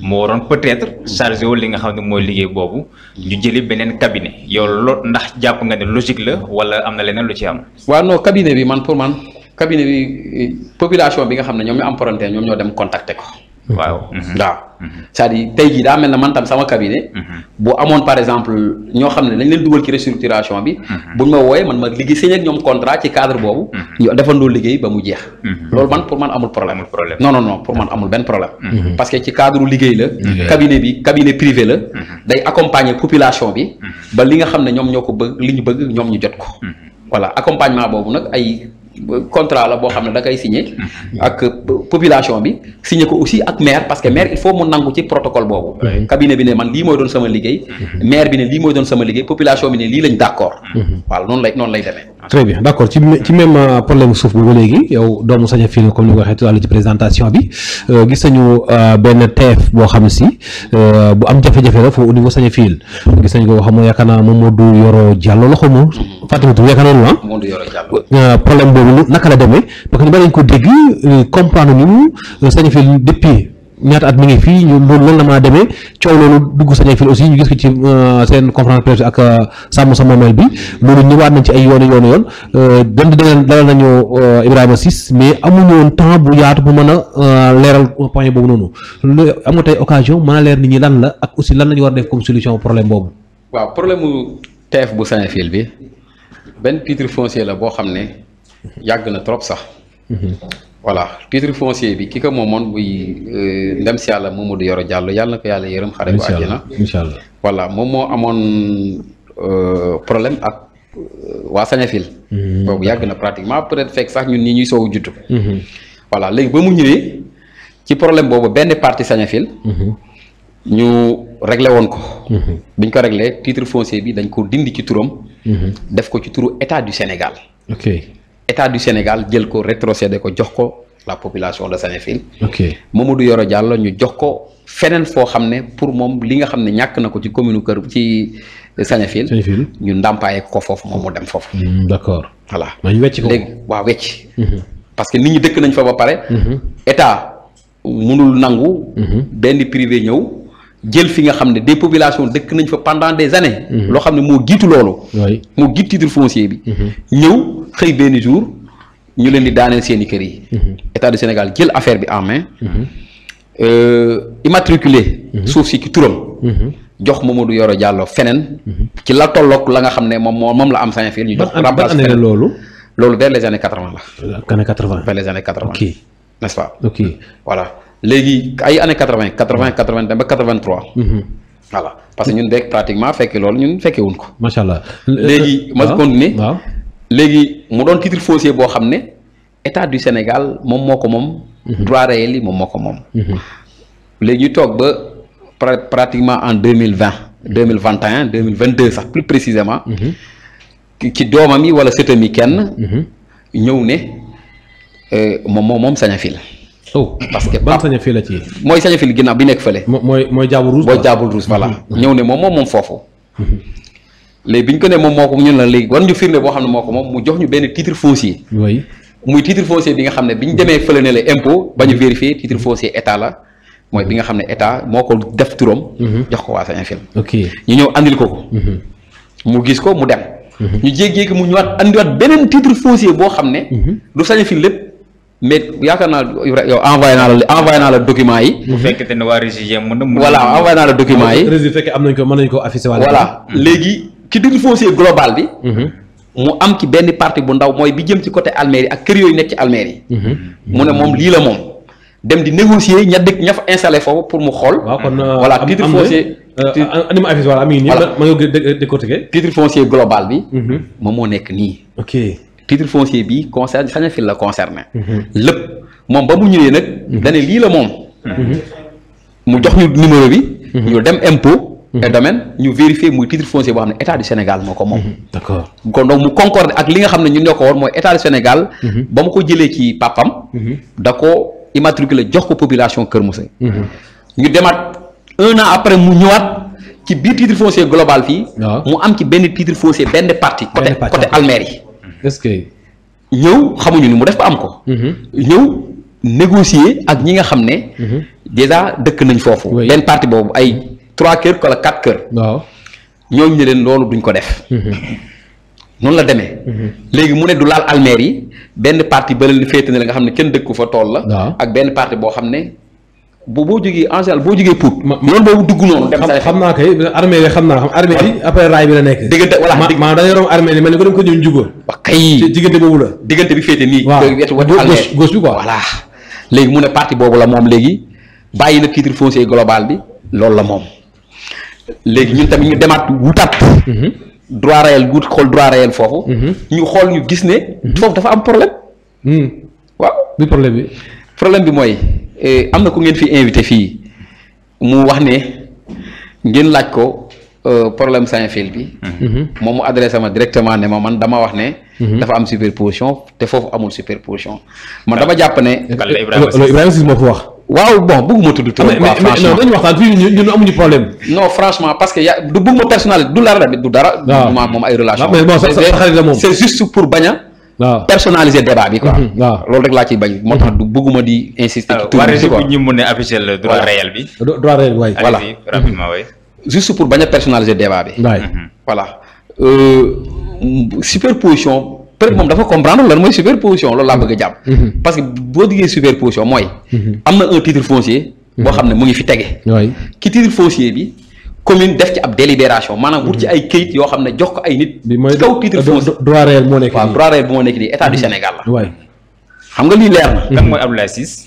moo waroon peut-être chargé wu li nga xam ne mooy liggéey boobu ñu jëli beneen cabinet yow lo ndax jàpp nga ne logique la wala am na leneen lu ci am. waaw no cabinet bi man pour man cabinet bi population bi nga xam ne ñoom ñu am problème ñoom ñoo dem contacter ko. waaw waaw mhm. mhm. c'est-à-dire tey jii daa mel na man tam sama cabinet mhm. bu amoon par exemple ñoo xam ne dañ leen dugal ci restructuration bi buñ ma wooyee man ma liggéey signé ak ñoom contrat ci cadre boobu ñu defandoo liggéey ba mu jeex loolu man pour man amul problème non non non pour man amul ben problème parce que ci cadre liggéey la cabinet bi cabinet privé la day accompagner population bi ba li nga xam ne ñoom ñoo ko bëgg li ñu bëgg ñoom ñu jot ko voilà accompagnement boobu nag ay contrat la boo xam ne da koy signé ak population bi signé ko aussi ak maire parce que maire il faut mu nangu ci protocole boobu cabinet bi ne man lii mooy doon sama liggéey mhm. maire bi ne lii mooy doon sama liggéey population bi ne lii lañ d'accord mhm. waaw noonu lay noonu lay demee très bien d' ci ci même euh, problème suuf bi ba léegi yow doomu sañ a fii comme ni ko waxee ci présentation bi euh, gis nañu euh, benn teef boo xam si bu am jafe-jafe la foofu au niveau sañ a fii gis nañu ko xam nga yaakaar naa moom Modou Yoro Diallo la xam nga fàttali tur yaakaar naa ne ah. Modou problème boobu naka la demee parce que ñu bari nañu ko dégg comprendre ñu sañ a fii depuis. ñaata at mi ngi fii ñu loolu la maa demee coow loolu dugg sañ fii aussi ñu gis ko ci euh, seen conférence presse ak euh, sàmm sa moomeel bi loolu waat nañ ci ay yoonu yoonu yoon euh, dem di dalal nañu Ibrahima Ciss mais amuñu woon temps bu yaatu bu mën a leeral point boobu noonu am nga tey occasion mën a leer nit ñi lan la ak aussi lan la ñu war def comme solution problème boobu. waaw problème mu bu Saint-Fil bi benn titre foncier la boo xam ne yàgg na trop sax. Mm-hmm. voilà titre foncier bi ki ko moomoon muy euh, ndem si yàlla Mamadou Yoro Diallo yàlla na ko yàlla yërëm xare ko àjjana incha allah voilà moom moo amoon euh, problème ak euh, waa Sañafil mhm. boobu yàgg na pratiquement peut être fekk sax ñun nii ñuy soowu juddu mhm. voilà léegi ba mu ñëwee ci problème boobu benn parti Sañafil mhm. ñu réglé woon ko biñ ko réglé titre foncier bi dañ ko dindi ci turam def ko ci turu état du Sénégal état du Sénégal jël ko rétrocédé ko jox ko la population de Sanéfil. ok Mamadou Yoro Diallo ñu jox ko feneen foo xam ne pour moom li nga xam ne ñàkk na ko ci commune kër ci Sanéfil. Sanéfil ñu ndàmpaaye ko foofu moom mu dem foofu. Mm, d'accord voilà. wecc ko léegi waaw wecc. Mm-hmm. parce que nit ñi dëkk nañ fa ba pare. Mm-hmm. état mënul nangu. Mm-hmm. benn privé ñëw. Il fi nga des populations ont pendant des années. lo xamné été lolu titre foncier bi. Mhm. xey jour ñu leen di mhm. du Sénégal jël affaire bi en main. Mhm. Euh, immatriculé. turam. jox Mamadou Yoro Diallo Il ci la tolok la nga mom la am sañ fi ñu jox. vers les années quatre la. vers les années 80. n'est-ce pas. ok voilà. léegi ay années 80, 80, 80, ba 83 hmm trois. voilà parce que ñun dék pratiquement féké lool ñun féké wuñ ko. macha allah léegi ma continuer. waaw légui mu doon titre foncier bo xamné état du Sénégal mom moko mom hmm. droit réel mom moko mom hmm légui tok ba pratiquement en 2020, 2021, 2022, sax plus précisément. ci hmm. Hmm. domami wala sëtam kenn. hmm ñew né euh mom mom sañafil oh parce que ban sañ a mooy sañ a bi nekk fële. mooy mooy jaabul ruus. mooy jaabul ruus voilà. Mhm, mhm. ñëw ne moom moom moom foofu. Mhm. léegi bi ñu ko nee moom moo ko ñun la ne moo ko moom mu jox ñu benn titre foncier. oui muy titre foncier bi nga xam ne bi ñu demee fële ne la impôt ba ñu vérifier titre foncier état la mooy bi nga xam ne état moo ko def turam. jox ko waa sañ a fil. ñu ñëw andil ko ko. mu gis ko mu dem. ñu jékki-jékki mu ñëwaat andiwaat beneen titre foncier boo xam ne. du sañ a fil lépp. mais yaakaar naa yow envoyé naa la envoyé naa la document yi. bu fekkee ne waa régie mën na. voilà envoyé naa la document yi. régie bu fekkee am bi. Mhm. mu am ci benn partie bu ndaw mooy bi jëm ci côté Almere ak kër nekk ci Almere yi. Mhm. mu ne moom lii la moom. dem di négocier ña dëkk ña fa installé foofu pour mu xool. waaw kon euh, voilà titre foncier. Euh, am ma affiché am nañu nii. voilà ma nga décortiquer. titre foncier global bi. Mhm. moom moo nekk nii. ok. titre foncier bi concerne Sagnafil la concerné. Mhm. lépp mom ba mu ñëwee nak mhm. dañé li la moom. Mhm. mu jox ñu numéro bi. ñu dem impôt. et domaine ñu vérifier moy titre foncier bo xamné état du Sénégal moko mom d'accord kon donc mu concorde ak li nga xamné ne ñun ñoo ko woon état du Sénégal. ba mu ko jëlee ci papam dako immatriculer jox ko population Kër Moussa. ñu démat un an après mu ñëwaat. ci biir titre foncier global fii. mu am ci benn titre foncier benn partie. côté côté Almere est-ce que ñëw xamuñu ni mu def ba am ko. Mhm. ñëw négocier ak ñi nga xam ne. Mhm. déjà dëkk nañ foofu. benn parti boobu ay trois kër wala quatre kër. waaw ñooñu leen loolu duñ ko def. Mhm. noonu la demee. léegi mu ne du laal almeer yi benn parti bële féete ne la nga xam ne kenn dëkku fa tool la. ak benn parti boo xam ne. boo boo jógee en général boo jógee Pout. ma loolu boobu dugg noonu. dem sa xam naa kay armée bi xam naa xam armée bi après raay bi la nekk. diggante voilà maanaam da nga yoroon armée bi mel ni ko dem ko ñëw juba. ba kay diggante boobu la. diggante bi féete nii. loolu la moom léegi ñun tamit ñu demaat wutaat. Mhm. droit réel wut xool droit réel foofu. Mhm. ñu xool ñu gis ne. Mhm. foofu dafa am problème. Hmm. waaw bi problème bi. problème bi mooy. et je suis ngeen fi invité fi mu wax né ngeen laaj ko euh, problème saint bi. Mhm. mu adressé ma directement ne ma man dama wax né mhm. dafa am superposition té fofu amul superposition man dama suis né Ibrahima wax. waaw bon bëgguma tudd ah, mais non amuñu problème. non franchement parce que ya du bëgguma personnel du du dara. Ah. ay relation. c'est juste pour baña waaw personnaliser débat bi quoi. Mhm. waaw loolu rek laa ciy bañ. moo tax du bëgguma di insister. ci tur bi si quoi ñu mun a afficher le droit réel bi. droit réel waay. voilà rapidement waay. Mhm. juste pour bañ a personnaliser débat bi. waay mhm. voilà euh, superposition. peut-être moom dafa comprendre lan mooy superposition loolu laa bëgg a jàpp. parce que boo diggee superposition mooy. am na un titre foncier. boo xam ne mu ngi fi tege. ki titre foncier bi. commune def ci ab délibération maanaam wut ci hmm. ay këyit yoo xam ne jox ko ay nit. bi mooy kaw titre foncier droit réel moo nekk nii droit réel bi moo nekk nii état du hmm. Sénégal la. xam nga lii leer na. kan mooy Abdoulaye Ciss.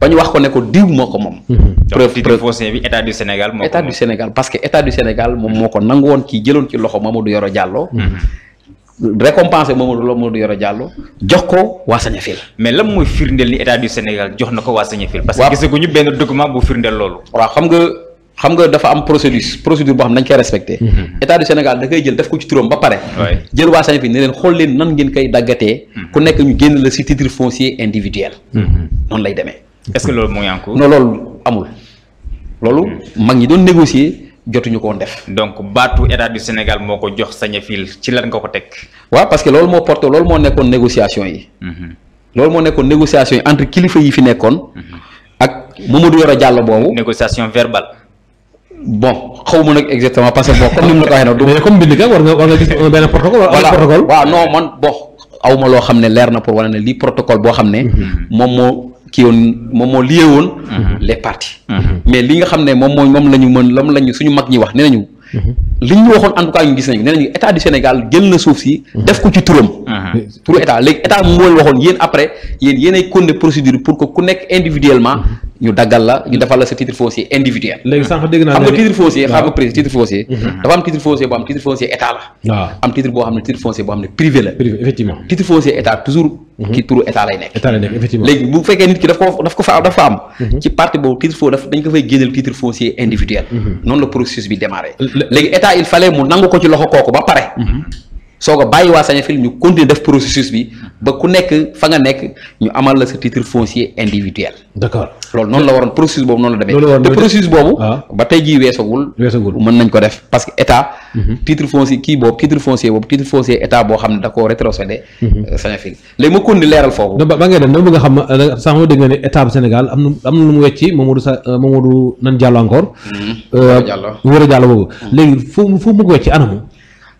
bañ wax ko ne ko diw moko mom mhm. preuve preuve foncier bi état du Sénégal moko état du Sénégal parce que état du Sénégal mom moko ko ki woon ci loxo Mamadou Yoro Diallo. Mhm. récompensé Mamadou Mamadou Yoro Diallo jox ko sañe fil mais lam moy firndel ni état du Sénégal jox nako wa sañe fil parce que gisaguñu ben document bu firndel lolu wa xam nga xam nga dafa am procédure procédure bo xam nañ koy respecter mhm. état du Sénégal da koy jël def ko ci turum ba paré jël sañe fil ne len xol len nan ngeen kay dagaté ku nekk ñu génn le titre foncier individuel. non lay démé est-ce que lolu mo ngi non lolu amul lolu hmm. mag ñi doon négocier jotuñu ko def donc batu état du sénégal moko jox saña fil ci lan nga ko tek wa parce que lolu mo porter lolu mo nekkoon négociation yi hmm. lolu mo nekkoon négociation entre kilifa yi fi nekkoon hmm. ak momadou Yoro Diallo bobu négociation verbale bon xawmu nak exactement parce que bon comme nim la waxé waxee mais comme bind ka war nga war nga gis ben protocole wala protocole wa non man bon awma lo xamné ne na pour wala né li protocole bo xamné mom mo kii woon moom moo lié woon mhm. les partis mhm. mais li nga xam ne moom mooy moom la ñu mën moom la ñu suñu mag ñi wax ne nañu mhm. li ñu waxoon en tout ñu gis nañu nee nañu état du Sénégal jël na suuf si def ko ci turam turu état léegi état moo waxoon yéen après yéen yéenay continuer procédure pour que ku nekk individuellement Il faut la titre foncier individuel. Il titre foncier xam avoir un titre foncier. Mhm. Mhm. titre foncier titre foncier état la. titre titre foncier privé privé effectivement titre foncier état toujours. Mhm. un état état effectivement bu nit ki daf titre foncier, titre foncier individuel. Non processus il fallait mu soo ko bàyyi waa Sañafil ñu continuer def processus bi ba ku nekk fa nga nekk ñu amal la sa titre foncier individuel. d'accord loolu noonu la waroon processus boobu noonu la demee. te processus boobu. Ah. ba tey jii weesagul. weesagul mën nañ ko def parce que état. Mhm. titre foncier kii boobu titre foncier boobu titre foncier état boo xam ne da koo rétrocédé. Mhm. Euh, Sañafil léegi ma kon di leeral foofu. ba ba ngay dem dama bëgg a xam euh, sax ma dégg nga ne état bu Sénégal am na am na lu mu wecci Mamadou sa euh, Mamadou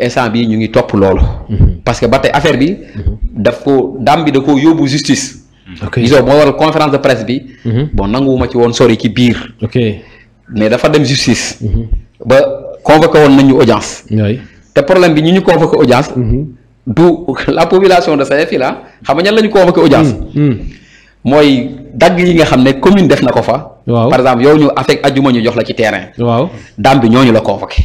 instant bi ñu ngi top loolu. Mhm. parce que batay affaire bi. Mhm. daf ko dam bi da ko yobu justice. ok gisoo moo waral conférence de presse bi. Mhm. bon nanguma ci won sori ci bir ok mais dafa dem justice. ba convoquer won nañu audience. te problème bi ñu ñu convoquer audience. du la population de saint fila xam nga lañu convoquer audience. moy dag yi nga xam commune def nako fa. par exemple yow ñu affect aljuma ñu jox la ci terrain. waaw dam bi ñooñu la convoquer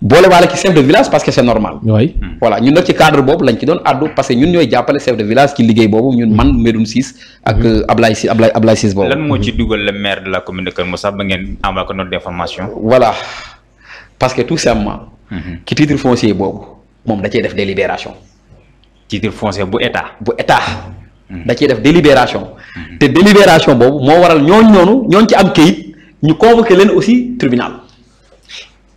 boole waale ci chef de village parce que c'est normal. oui voilà ñun nag ci cadre boobu lañ ci doon àddu parce que ñun ñooy jàppale ci liggéey boobu ñun man Medoune Ciss ak mhm. euh, Ablaye Ciss Ablaye Ablaye Ciss boobu. lan moo ci dugal le maire de la commune de Kër ba ngeen envoyé ko note d'information. voilà parce que tout simplement. Mhm. ci titre foncier boobu moom da cee def délibération. titre foncier bu état. bu état. Mhm. da ciy def délibération. te délibération boobu moo waral ñooñu noonu ñooñu ci am kayit ñu convoqué leen aussi tribunal.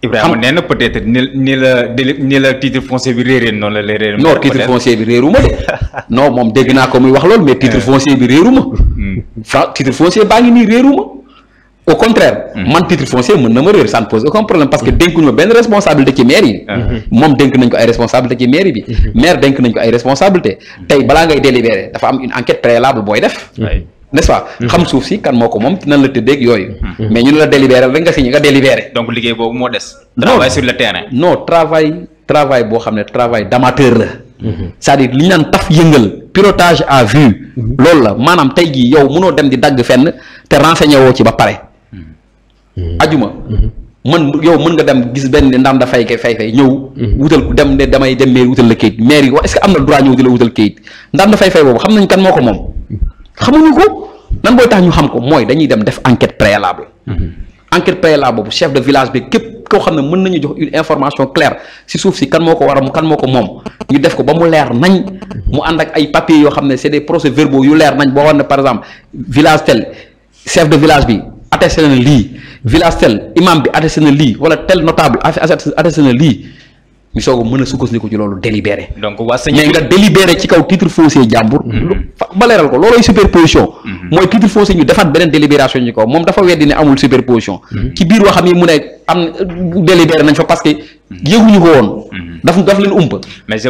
Ibrahima nee peut-être ni la ni la titre foncier bi réeré non la lay réeré. non titre foncier bi réeruma non mom dégg naa ko muy wax lol mais titre eh. foncier bi réeruma. Hmm. franc titre foncier baa ngi nii réeruma. au contraire. Hmm. man titre foncier mën na ma réer ça ne pose aucun problème parce que hmm. dénkuñu ma benn responsabilité ci maire yi. moom dénk nañ ko ay responsabilité ci maire bi. maire denk nañ ko ay responsabilité tay bala ngay délibéré dafa am une enquête préalable boy def. n'est-ce pas. Mm-hmm. xam suuf si kan moo ko moom nan la tëddeeg yooyu. Mm-hmm. mais ñu ne la délibéré rek nga signé nga délibéré. donc liggéey boobu moo des. travail sur le terrain. non travail boo xam ne travail d'amateur la. Mm-hmm. c'est-à-dire li ñu naan taf yëngal pilotage à vue. loolu la maanaam tey jii yow mënoo dem di dagg fenn te renseigné ci ba pare. ajuma. man yow mën nga dem gis benn ndam da fay fay fay ñëw. wutal ko dem ne damay dem mairie wutal la kayit mairie wax est-ce que am na droit ñëw di la wutal kayit ndam da fay fay boobu xam nañ kan moo ko moom xamuñu lan boy tax ñu xam ko moy dañuy dem def enquête préalable. Mm-hmm. enquête préalable boobu chef de village bi kep ko xamne ne mën nañu jox une information claire si souf si kan moko ko kan moko mom ñu def ko ba mu leer nañ mm-hmm. mu ànd ak ay papiers yo xamne c'est des procès verbaux yu leer nañ bo xam par exemple village tel chef de village bi attesté na li village tel imam bi attesté na li wala tel notable attesté na li ñu soog a mën a sukkandiku ci loolu délibéré. donc waa sëñ mais nga délibéré ci kaw titre foncier jàmbur. Mhm. ba leeral ko loolooy superposition. Mhm. mooy titre foncier ñu defaat beneen délibération ci kaw moom dafa weddi ne amul superposition. Mhm. ci biir waxam yi mu ne am délibéré nañ fa parce yëguñu ko woon. daf daf leen ump. mais je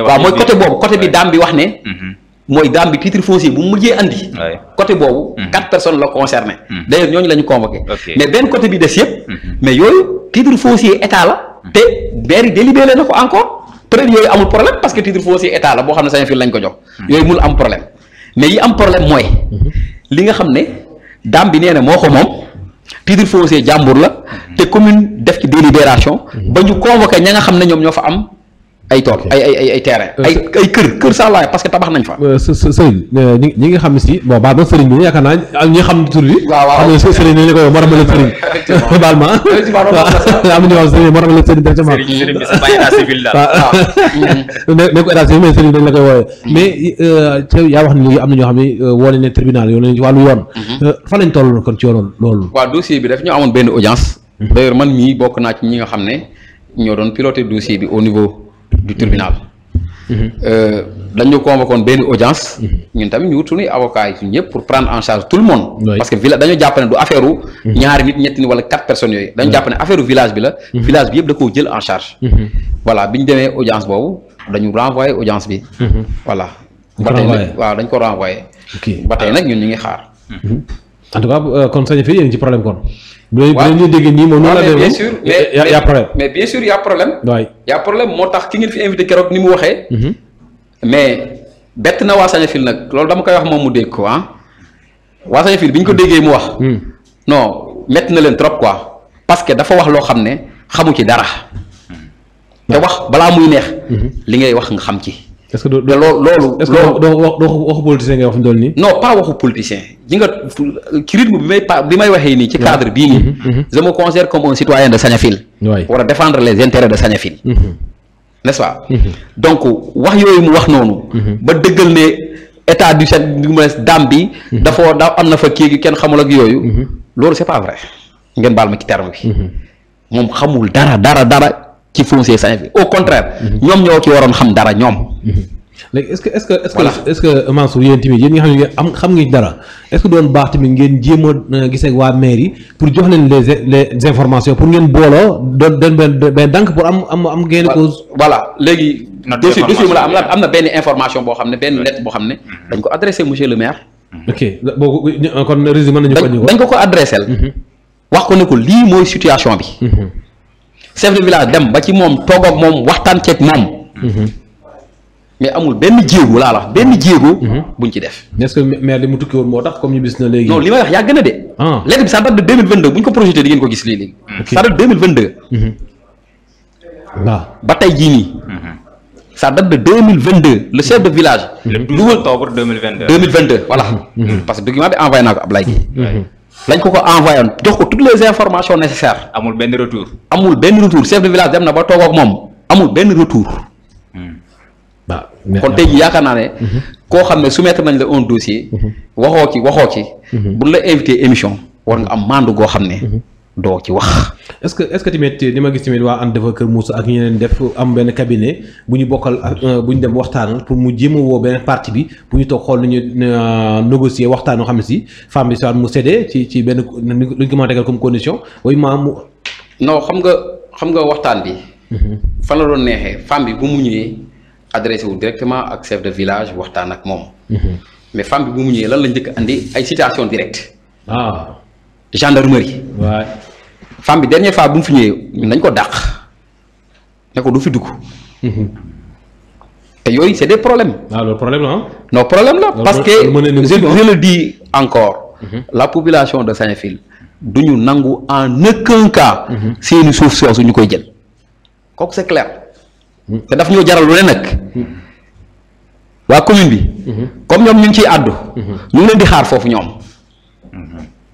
waa mooy côté boobu côté bi daam bi wax ne. moy dame bi titre foncier bu mujjé andi. côté bobu mhm. quatre personnes la concerné. Mhm. d'ailleurs ñooñu lañu convoqué. mais ben côté bi des yépp mhm. mais yoy titre foncier état la. té délibéré des encore très yoy amul problème parce que titre foncier état la bo xamné lañ ko jox. yoy mul am problème mais yi am problème un li nga ne bi néna moko mom titre foncier jambour la. té commune def ci délibération. bañu ña nga ne am. ay tool ay ay ay ay euh, ay kër kër sax laay parce que tabax nañ fa. së euh, së sëriñ euh, ñi ñi nga xam ne si boo baal ma sëriñ bi yaakaar naa xam tur bi. waaw waaw xam ne sëriñ ni ñu koy war a mën a sëriñ. effectivement ma ah. a mën a sëriñ directement. sëriñ sëriñ bi sa bàyyi état yaa wax ne léegi am ñoo xam ne woo nañ ne tribunal yoo nañ wàllu yoon. Mm-hmm. fa lañ toll kon ci yoon loolu. waaw dossier bi daf ñu amoon benn audience. Mm-hmm. man mii bokk naa ci ñi nga xam ne ñoo doon piloté dossier bi au niveau du tribunal. Mhm. Euh, dañu convoqué benn audience. Mhm. ñun tamit ñu wut suñuy avocats yi suñ ñëpp pour prendre en charge tout le monde. parce que village dañoo du affaire u mhm. ñaari nit ñetti nit quatre personnes yooyu. dañu jàpp ne affaire village bi la. village bi yëpp da koo jël en charge. voilà bi ñu demee audience boobu dañu renvoyé audience bi. voilà. ba tey nag waaw dañ ko renvoyé. ba tey nag ñun ñu ngi xaar. en tout cas euh, kon sañ fi yéen ci problème kon. bu dee bu dee ñu dégg nii moom noonu la demee bien sûr mais y a problème mais bien sûr y a problème. moo tax ki ngeen fi invité keroog ni mu waxee. Mhm. mais bett na waa Sañafil nag loolu dama koy wax moom mu dégg ko ah. waa Sañafil bi ñu ko mhm. déggee mu wax. Mhm. non métti na leen trop quoi. parce que dafa wax loo xam ne xamu ci dara. te wax balaa muy neex. li ngay wax nga xam ci. est que doo doo loolu. est-ce que doo waxu waxu politicien ngay wax fi mu toll nii. non pas waxu politicien ji nga ci bi may pa bi may waxee nii. ci cadre bii nii. Mm-hmm, mm-hmm. je me considère comme un citoyen de Sagnafil. waay war a défendre les intérêts de Sagnafil. Mm-hmm. n'est-ce pas. donc wax yooyu mu wax noonu. ba dëggal ne état du set du moins daam bi. dafa daa am na fa kii kenn xamul ak yooyu. loolu c'est pas vrai ngeen baal ma ci terme bi. moom xamul dara dara dara. au contraire. nous mhm. ñoo qui waroon xam dara mhm. est-ce que est-ce que est-ce que est-ce que Mansour yéen tamit yéen nga xam ne xam nga dara est-ce que doon baax ngeen a euh, gisee maire que pour jox dit les les informations pour ngeen booloo doon doon que pour am am am voilà léegi. dossier dossier que la am dit information lettre mhm. dañ ko adressé monsieur le maire. ok kon résumé nañu dit dañ ko ko adressé wax ko ne ko que mooy situation bi. chef de village dem ba ci mom tok ak moom waxtaan ceeg moom. Mhm. mais amul benn jéego la la benn jéego. Mhm. buñ ci def. est-ce que maire limu tukki won motax comme ñu bis na léegi. non li may wax yaa gën a de. Ah. lettre bi sa date de 2022 buñ ko projeter di ngeen ko gis li ok sa date 2022. waaw mhm. ba tey jii nii. sa date de 2022 le chef de village. le 12 octobre 2022 2022 voilà. parce que document bi envoyé nako Ablaye. lañ ko ko envoyé woon jox ko toutes les informations nécessaires. amul benn retour. amul benn retour chef de village dem na ba toog ak moom amul benn retour. Hmm. kon tey jii yaakaar naa ne. Mhm. koo xam ne su soumettre nañ la un dossier. Mhm. waxoo ci waxoo ci. Mhm. buñ la invité émission war nga am mandu goo xam ne. do ci wax. est-ce que est-ce que tamit li ma gis tamit wa ànd devoir Kër Moussa ak ñeneen def am ben cabinet buñu bokal euh, buñu dem waxtaan pour mu jéem wo ben benn parti bi buñu tok xol xool nu ñu euh, négocier waxtaan xam si femme bi soit mu séddee ci ci ben lu ñu ko comme condition way ma mu. non xam nga xam nga waxtaan bi. Mhm. fan la doon nexé femme bi bu mu ñëwee adressé wu directement ak chef de village waxtaan ak moom. Mhm. mais femme bi bu mu ñëwee lan la njëkk andi ay citation directe. ah gendarmerie. ouais femme bi dernière fois bu mu fi ñëwee ñun ko dàq ne ko du fi dugg. te yooyu c' est des ah, problème la problème la parce que je le dis encore. Mhm. la population de Saint-Fil du ñu nangu en aucun mhm. seeni suuf soosu ñu koy jël. kooku c' est mhm. te daf ñoo jaral lu ne nag. waa commune bi. comme ñoom ñu ngi ciy àddu. ñu ngi leen di xaar foofu ñoom.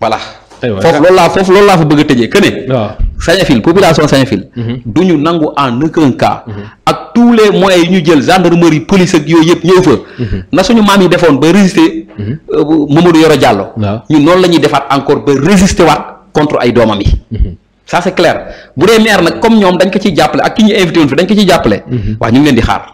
voilà. foofu loolu laa foofu loolu laa fa bëgg a tëjee que ne. waaw Sagnafil population Sagnafil. Mhm. du ñu nangu en aucun mhm. ak tous les moyens yi ñu jël gendarmerie police ak yooyu yëpp ñëw fa. Mhm. na suñu maam yi defoon ba résister. Euh, Mamadou Yoro Diallo. ñu noonu la ñuy defaat encore ba résister waat contre ay doomam yi. ça c'est clair bu dee maire nag comme ñoom dañ ko ciy jàppale ak ki ñu invité woon fi dañ ko ciy jàppale. waaw ñu ngi leen di xaar.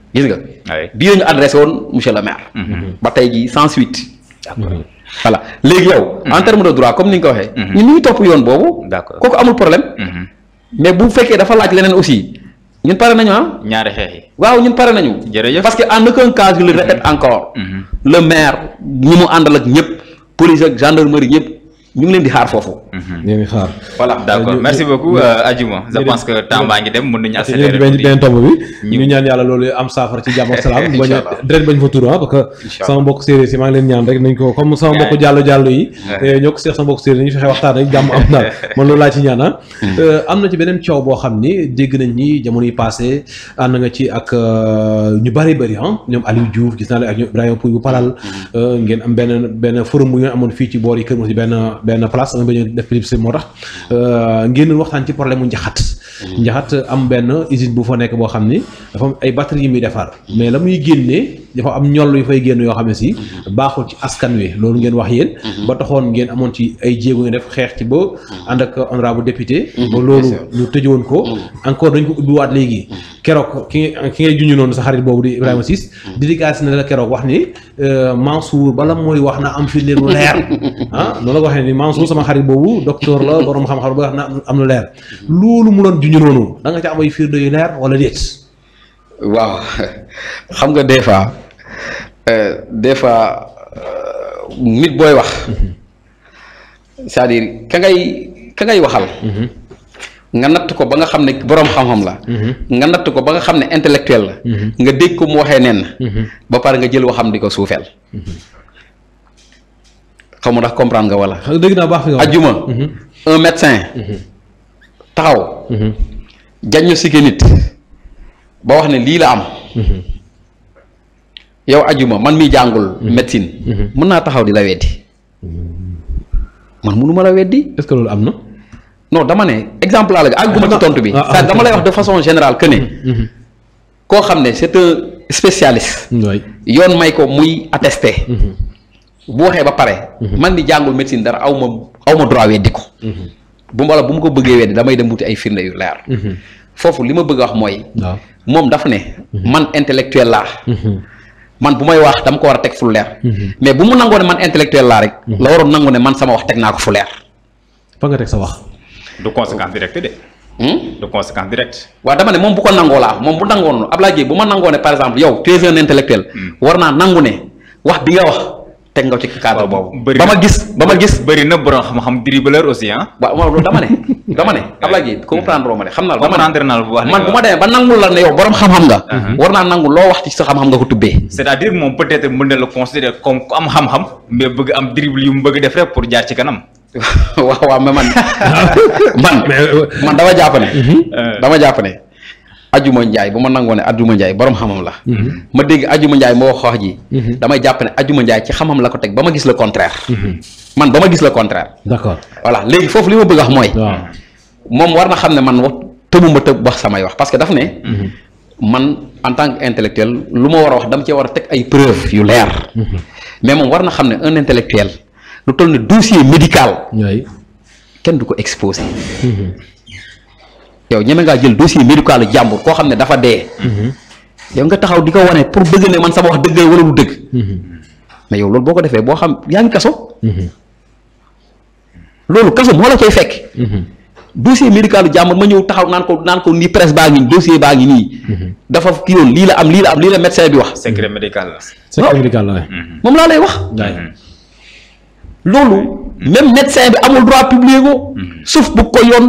gis nga. di la ñu adressé woon monsieur le maire. Mhm. ba tey jii sans suite. Mhm. voilà léegi yow. en mhm. terme de droit comme ni nga ko waxee. ñu topp yoon boobu. kooku amul problème. mais bu fekkee dafa laaj leneen aussi. ñun pare nañu ah. ñaari xeex yi. waaw ñun pare nañu. jërëjëf parce que en aucun cas je le répète encore. le maire ñi mu àndal ak ñëpp police ak gendarmerie ñëpp. ñu ngi leen di xaar fofu mhm. ñu ngi xaar. voilà euh, d'accord merci beaucoup euh, Adjuma je pense que temps baa ngi dem mënu ñu accélérer. benn ben tomb bi ñu ñaan yalla loolu am safar ci jamm salam bo ñu dreen bañ fa tour ah, parce que sama mbokk séeréer ci ma ngi leen ñaan rek nañ ko comme sama mbokk jàllo jàllo yi. Eh, ñok ko sama mbokk séeréer ñu fexé waxtaan rek jamm am daal man loolu la ci ñaan ah. hmm. euh amna ci benen ciow bo xamni degg nañ ni jamono yi passé and nga ci ak euh, ñu bari bari han ah. ñom Aliou Diouf gis na la ak ñoom Ibrahima Pouy bu hmm. euh ngeen am benen benen forum bu ñu amone fi ci boor yi kër mo ci benen benn place dama bañ def publicité moo tax euh, ngeen waxtaan ci problème mu njaxat mm. njaxat am benn usine bu fa nekk boo xam ni dafa ay batterie muy defar mm. mais la muy génnee dafa am ñoll yu fay génn yoo xam ne si mhm. baaxul ci askan wi loolu ngeen wax yéen mhm. ba taxoon ngeen amoon ci ay jéego ngeen def xeex ci ba mhm. ànd ak honorable député ba loolu ñu tëjoon ko encore dañ ko ubbiwaat léegi keroog ki ki ngay junñu noonu sa xarit boobu di Ibrahima Ciss dédicace na la keroog wax ni euh, Mansour bala mooy wax na am firnde lu leer ah noonu la ko waxee ni Mansour sama xarit boobu docteur la borom xam-xam ba wax na am lu leer loolu mu doon junñu noonu da nga ci am yu leer wala déet waaw xam nga des fois euh, des fois euh, nit booy wax c'est-à-dire ka ngay ka ngay waxal mhm. nga natt ko ba nga xam ne borom xam-xam la mhm. nga natt ko ba nga xam ne intellectuel la mhm. nga dégg ko mu waxee nen ba pare nga jël waxam di ko suufeel xaw ma ndax comprendre nga wala dëgg naa baax nga ajjuma un médecin taxaw jañu sikki nit ba wax ne lii la am. yow ajuma man mi jàngul. médecine. mën naa taxaw di la weddi. man mënu ma la weddi. est-ce que loolu am na. non dama ne exemple laa la àgguma ci tontu bi. ah, ah dama lay wax de façon générale que mm-hmm, mm-hmm. koo xam ne c'est un spécialiste. yoon may ko muy attesté. Mm-hmm. bu waxee ba pare. man mi jàngul médecine dara aw ma aw ma droit weddi ko. bu ma la bu ma ko bëggee weddi damay dem wuti ay firnde yu leer. foofu li ma bëgg a wax mooy. mom daf ne mhm. man intellectuel la mhm. man bu may wax dam ko wara tek fu leer mhm. mais bu mu nangone man intellectuel la rek la waro nangone man sama wax tek nako fu leer fa nga tek sa wax du conséquence directe de hmm? du conséquence directe wa dama ne mom bu ko nangoo bu nangone Abdoulaye bu ma nangone par exemple yow tu es un intellectuel hmm. warna naa wax bi nga wax teg nga ci cadre boobu. bëri ba ma gis ba ma gis. bëri na borom xam-xam dribbleur aussi ah. waaw dama ne dama ne. Abdoulaye Dièye comprendre ma ne xam naa la. comprendre naa la bu baax man bu ma demee ba nangul la ne yow borom xam-xam uh-huh. naa nangu loo wax ci sa xam-xam nga ko tubbee. cest à moom peut-être mën na la considérer comme ku am xam-xam bëgg am dribble yu mu bëgg def rek pour jaar ci kanam. waaw waaw mais man man man dama jàpp ne. Uh-huh. dama jàpp ne. aju njaay buma nangone Aju ne njaay borom xamam la mhm. ma Aju ajuma njaay mo xoox ji mhm. damay japp ne ajuma njaay ci xamam la ko tek bama gis le contraire mhm. man bama gis le contraire d'accord voilà belah fofu li ma bëgg wax moy mom warna xamne man wax tëbuma tëb wax samay wax parce que daf ne man en tant que intellectuel lu war tek wax dama ci wara tek ay preuve yu leer mais mom warna xamne un intellectuel lu tolni dossier médical kenn du ko exposer yow ñeme nga jël dossier médical jambour ko xam ne dafa dee. Mhm. yow nga taxaw diko ko pour bëgg né man sama wax dëgg wala du dëgg. Mhm. mais yow lool boko défé bo xam yaa kasso kaso. Mhm. loolu kaso moo la cay fekk. dossier médical jambour ma ñëw taxaw naan ko naan ko ni presse baangi dossier baangi ni nii. dafa ki yon li la am li la am li la médecin bi wax. secret médical la. secret médical la mom la lay wax. loolu. même médecin bi amul droit publier ko. sauf bu ko yon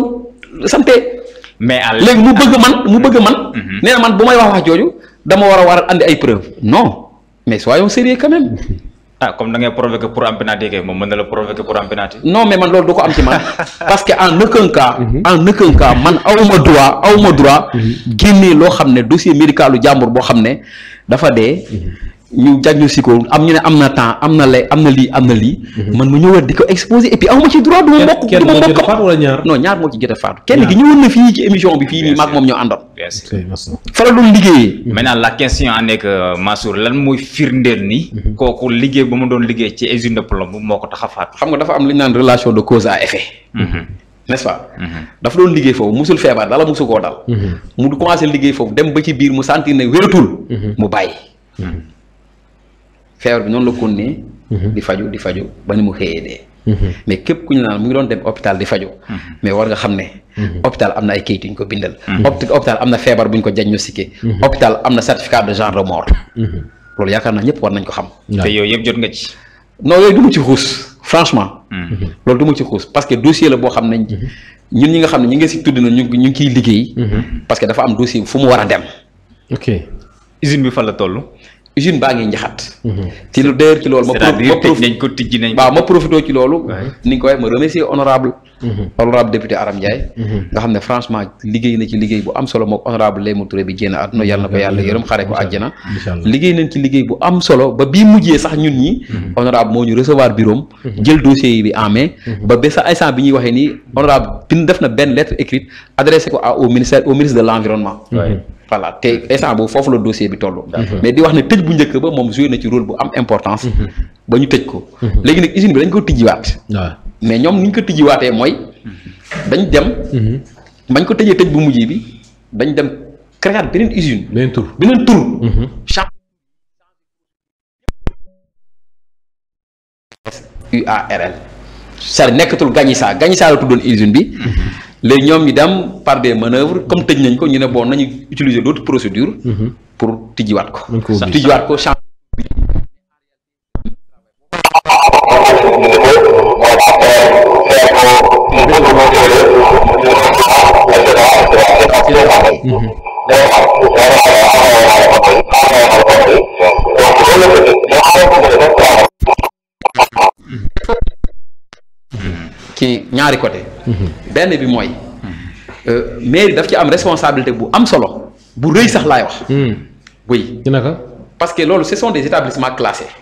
santé. mais léegi mu bëgg man mu bëgg man. Mhm. nee man bu may wax wax jooju dama war a war a andi ay preuve non mais soyons sérieux quand même. ah comme da ngay provoquer pour am moom mën na la provoquer pour am penalty. non mais man loolu du ko am ci man parce que en aucun cas. Mhm. en aucun cas man awuma droit awuma droit. Mhm. génnee loo xam ne dossier médicalu jàmbur boo xam ne dafa dee. ñu si ko am ñu ne am na temps am na lay am na lii am na lii. Mhm. man mu ñëwaat di ko exposé et puis awma ci droit du ma mbokk. du ma mbokk wala ñaar. non ñaar moo ci jot faatu. kenn gi ñëwoon na fii ci émission bi fii nii maag moom ñoo àndoon. bien sûr fa la doon liggéeyee. maintenant la question lan mooy firndeel ni. Mhm. kooku liggéey ba mu doon liggéey ci usine de plomb moo ko tax a faatu. xam nga dafa am lu ñu naan relation de cause à effet. Mhm. n'est-ce dafa doon liggéey foofu musul feebar dala musu koo dal. mu commencé liggéey foofu dem ba ci biir mu sentir ne wératul. mu bàyyi. feebar bi noonu la continuer mhm. di faju di faju ba ni mu xëyee dee mhm. mais képp ku ñu naan mu ngi doon dem hôpital di faju mhm. mais war nga xam ne hôpital am na ay kayit yu ñu ko bindal hôpital am na feebar bu ñu ko diagnostiqué hôpital am na certificat de genre de mort loolu yaakaar naa ñëpp war nañ ko xam te yooyu yëpp jot nga ci non yooyu du mu ci xuus franchement loolu du mu ci xuus parce que dossier la boo xam ne ñun ñi nga xam ne ñi nga na ñu ñu ngi kiy liggéey parce que dafa am dossier fu mu war a dem ok usine bi fan la toll usine baa ngi njaxat. ci mhm. lu dër ci loolu. ma profité ci loolu. ni nga ko waxee ma remercier honorable Mm-hmm. honorable député Aram Ndiaye mm-hmm. nga xamné franchement liggéey na ci liggéey bu am solo mok honorable Léymou Touré bi génn aduna yalla na ko yàlla yërëm xare ko aljana liggéey nañ ci liggéey bu am solo ba bi mujjé sax ñun ñi mm-hmm. honorable moo ñu recevoir bureau jël dossier bi amé ba ba sa instant bi ñi waxé ni honorable bi def na ben lettre écrite adressé ko au ministère au ministre de l'environnement voilà te instant boobu fofu le dossier bi tollu mais di wax né tej bu njëkk ba mom joué na ci rôle bu am importance ba ñu tej ko légui nak usine bi dañ ko tijjiwaat mais ñom niñ ko waté moy dañ dem. Mhm. bañ ko tejé tej bu mujjé bi dañ dem créer benen usine. beneen tur beneen tur. Mhm. UARL. c'est nekkatul Gagnysa Gagnysa la tudon usine bi. Mhm. léegi ñom ñi dem par des manœuvres comme tej nañ ko ñu né bon nañ utiliser d'autres procédures. pour wat ko. wat ko ki nyan rekwate ben e bi mwoy euh, meri def ki am responsabilite am solo bou reysak layo woy hmm. genaka paske lolou se son de etablismak klasè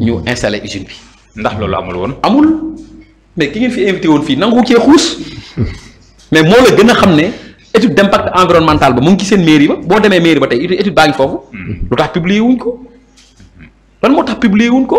ñu installé usine bi ndax loolu amul woon amul mais ki ngeen fi invité woon fii nangu cee xuus mais moo la gën a xam ne étude d' impact environnemental ba mu ci seen mairie boo demee mairie ba tey étude baa ngi foofu hmm. lu tax publier wuñ ko lan moo tax publier wuñ ko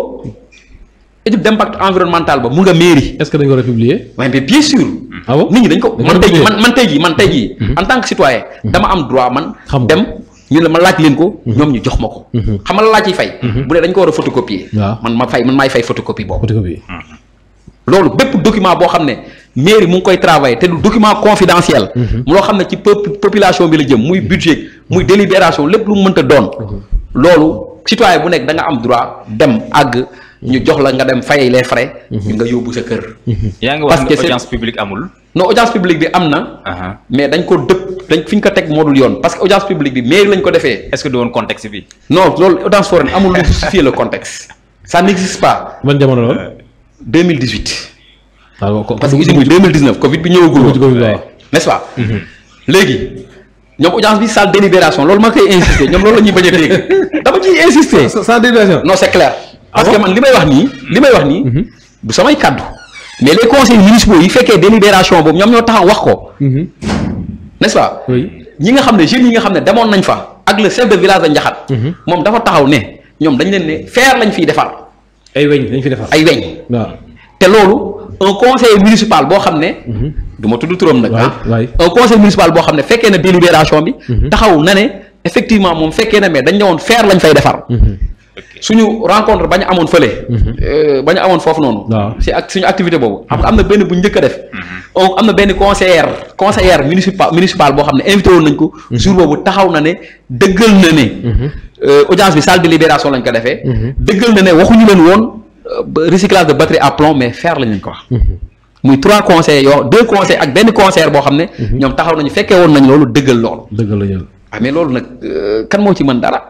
étude d' impact environnemental ba mu nga mairie. est ce que dañ ko republier. waaye mais bien sûr. Ah nit ñi dañ ko man tey jii man man tey jii man tey jii. Hmm. en tant que citoyen dama am droit man. dem. ñu ne ma laaj leen ko. Mhm. ñoom ñu jox ma ko. Mhm. xam nga la laaj yi fay. Mhm. bu dee dañ ko war a photocopier. man ma fay man maay fay photocopie boobu. photocopie loolu bépp document boo xam ne mairie mu ngi koy travailler te du document confidentiel. loo xam ne ci population bi la jëm muy budget muy délibération lépp lu mu mënta doon. loolu citoyen bu nekk da nga am droit dem agg ñu jox la nga dem fay les frais. nga yóbbu sa kër. yaa ngi wax ne audience amul. non audience publique bi am na. mais dañ ko dëpp fi ñu ko teg moo dul yoon parce que audience publique bi mairie lañ ko defee. est-ce que du woon contexte bi. non loolu audience foraine amul lu justifier le contexte. ça n'existe pas. ban jamono loolu. Ah, Covid bi ñëwagul woon. n'est-ce pas. Mhm. léegi ñoom audience bi salle délibération loolu ma koy insister ñoom loolu la ñuy bañ a dégg dama ciy insister. salle délibération non c'est ah man li may wax nii. li may wax nii. Mhm. du samay kàddu. mais les conseils municipaux yi fekkee délibération boobu ñoom ñoo taxaw wax ko. Mhm. n'est-ce pas. ñi nga xam ne jeunes yi nga xam ne demoon nañ fa ak le chef de village de Ndiakhate. Mhm. moom dafa taxaw ne ñoom dañ leen ne faire lañ fiy defar. ay weñ lañ fiy defar ay weñ. waaw te loolu un conseil municipal boo xam ne. Mhm. du ma tudd turam nag. Ah. waay un conseil municipal boo xam ne fekkee na délibération bi. taxaw na ne effectivement moom fekkee na mais dañ ne woon fer lañ fay defar. suñu rencontre ba ñu amoon fële. Mhm. Euh, ba ñu amoon foofu noonu. si ak suñu activité boobu. am am na mhm. benn bu njëkk a def. Mhm. am na benn conseillère conseillère municipal municipal boo xam ne invité woon nañ ko. jour boobu taxaw na ne dëggal na ne. Euh, audience bi salle de libération lañ ko defee. dëggal na ne waxuñu leen woon euh, recyclage de batterie à plomb mais fer lañ leen ko wax. muy trois conseils yoo deux conseils ak benn conseiller boo xam ne. ñoom taxaw nañu fekkee woon nañ loolu dëggal loolu. dëggal la ah, mais loolu nag kan moo ci mën dara.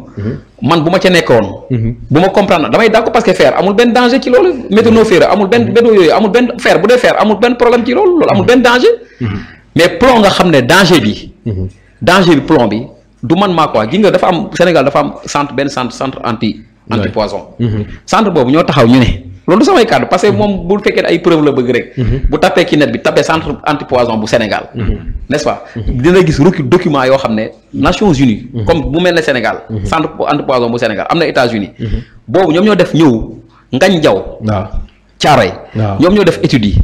Mhm. man bu ma ca nekkoon. Mhm. bu ma comprendre damay dàq parce que fer amul benn danger ci loolu métano mhm. féra amul benn métaux yooyu amul benn fer bu dee fer amul benn problème ci loolu loolu amul benn danger. mais plomb nga xam ne danger bi. danger bi plomb bi du man maa quoi gi nga dafa am Sénégal dafa am centre benn centre centre anti. anti poison. centre boobu ñoo taxaw ñu ne. loolu du samay kàddu parce que moom bu fekkee ay preuve la bëgg rek. Mhm. bu tapee ci net bi tapee centre antipoison bu Sénégal. Mhm. n'est-ce pas. dina gis rukki document yoo xam ne Nations Unies. Mhm. comme bu mel ne Sénégal. centre antipoison bu Sénégal am na États-Unis. boobu ñoom ñoo def ñëw ngañ jaw waaw caaroy. ñoom ñoo def étude yi.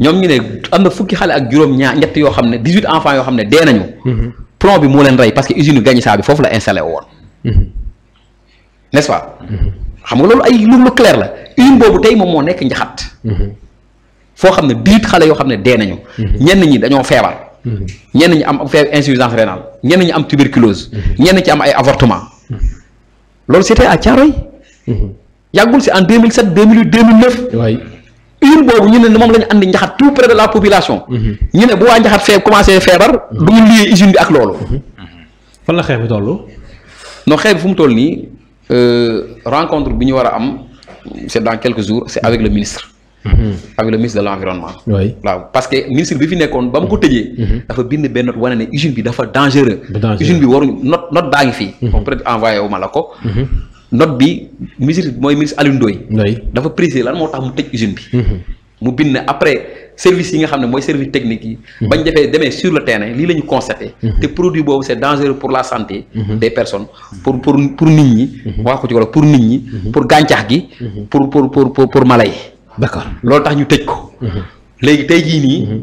ñoom ñu ne am na fukki xale ak juróom ñaar ñett yoo xam ne dix enfants yoo xam ne dee nañu. plomb bi moo leen rey parce que usine gagné saa bi foofu la installé woon. n'est-ce pas xam nga loolu ay lu clair la une boobu tey moom moo nekk njaxat. Mhm. foo xam ne biit xale yoo xam ne dee nañu. Mhm. ñenn ñi dañoo feebar. Mhm. ñenn ñi am feebar insuffisance rénale ñenn ñi am tuberculose. ñenn ci am ay avortement. loolu c'était à Thiaroye. yàggul si en 2007 2008 2009. waay une boobu ñu ne moom la ñu andi njaxat tout près de la population. ñu ne bu waa njaxat fee commencé feebar. du ñu liyee usine bi ak loolu. fan la xeex bi toll. non xeex bi fu mu toll nii. Euh, rencontre bi ñu am c'est dans quelques jours c'est avec le ministre. Mhm. avec le ministre de l'Environnement. oui waaw parce que ministre bi fi nekkoon ba mu ko tëjee. Mhm. Mhm. dafa bind benn wane ne usine bi dafa dangereux. usine bi waruñ not not baa on peut être envoyé wu ma la note bi ministre mooy ministre Alioune Ndoye dafa préciser lan il tax mu une usine bi. mu bind après. service yi nga xam ne mooy service technique yi mhm. bañ defee demee sur le terrain lii la ñu mhm. te produit boobu c'est dangereux pour la santé mhm. des personnes pour pour pour nit ñi wax ko ci wala pour nit ñi pour gàncax gi pour pour pour pour mala yi d'accord loolu tax ñu tëj ko léegi tey jii nii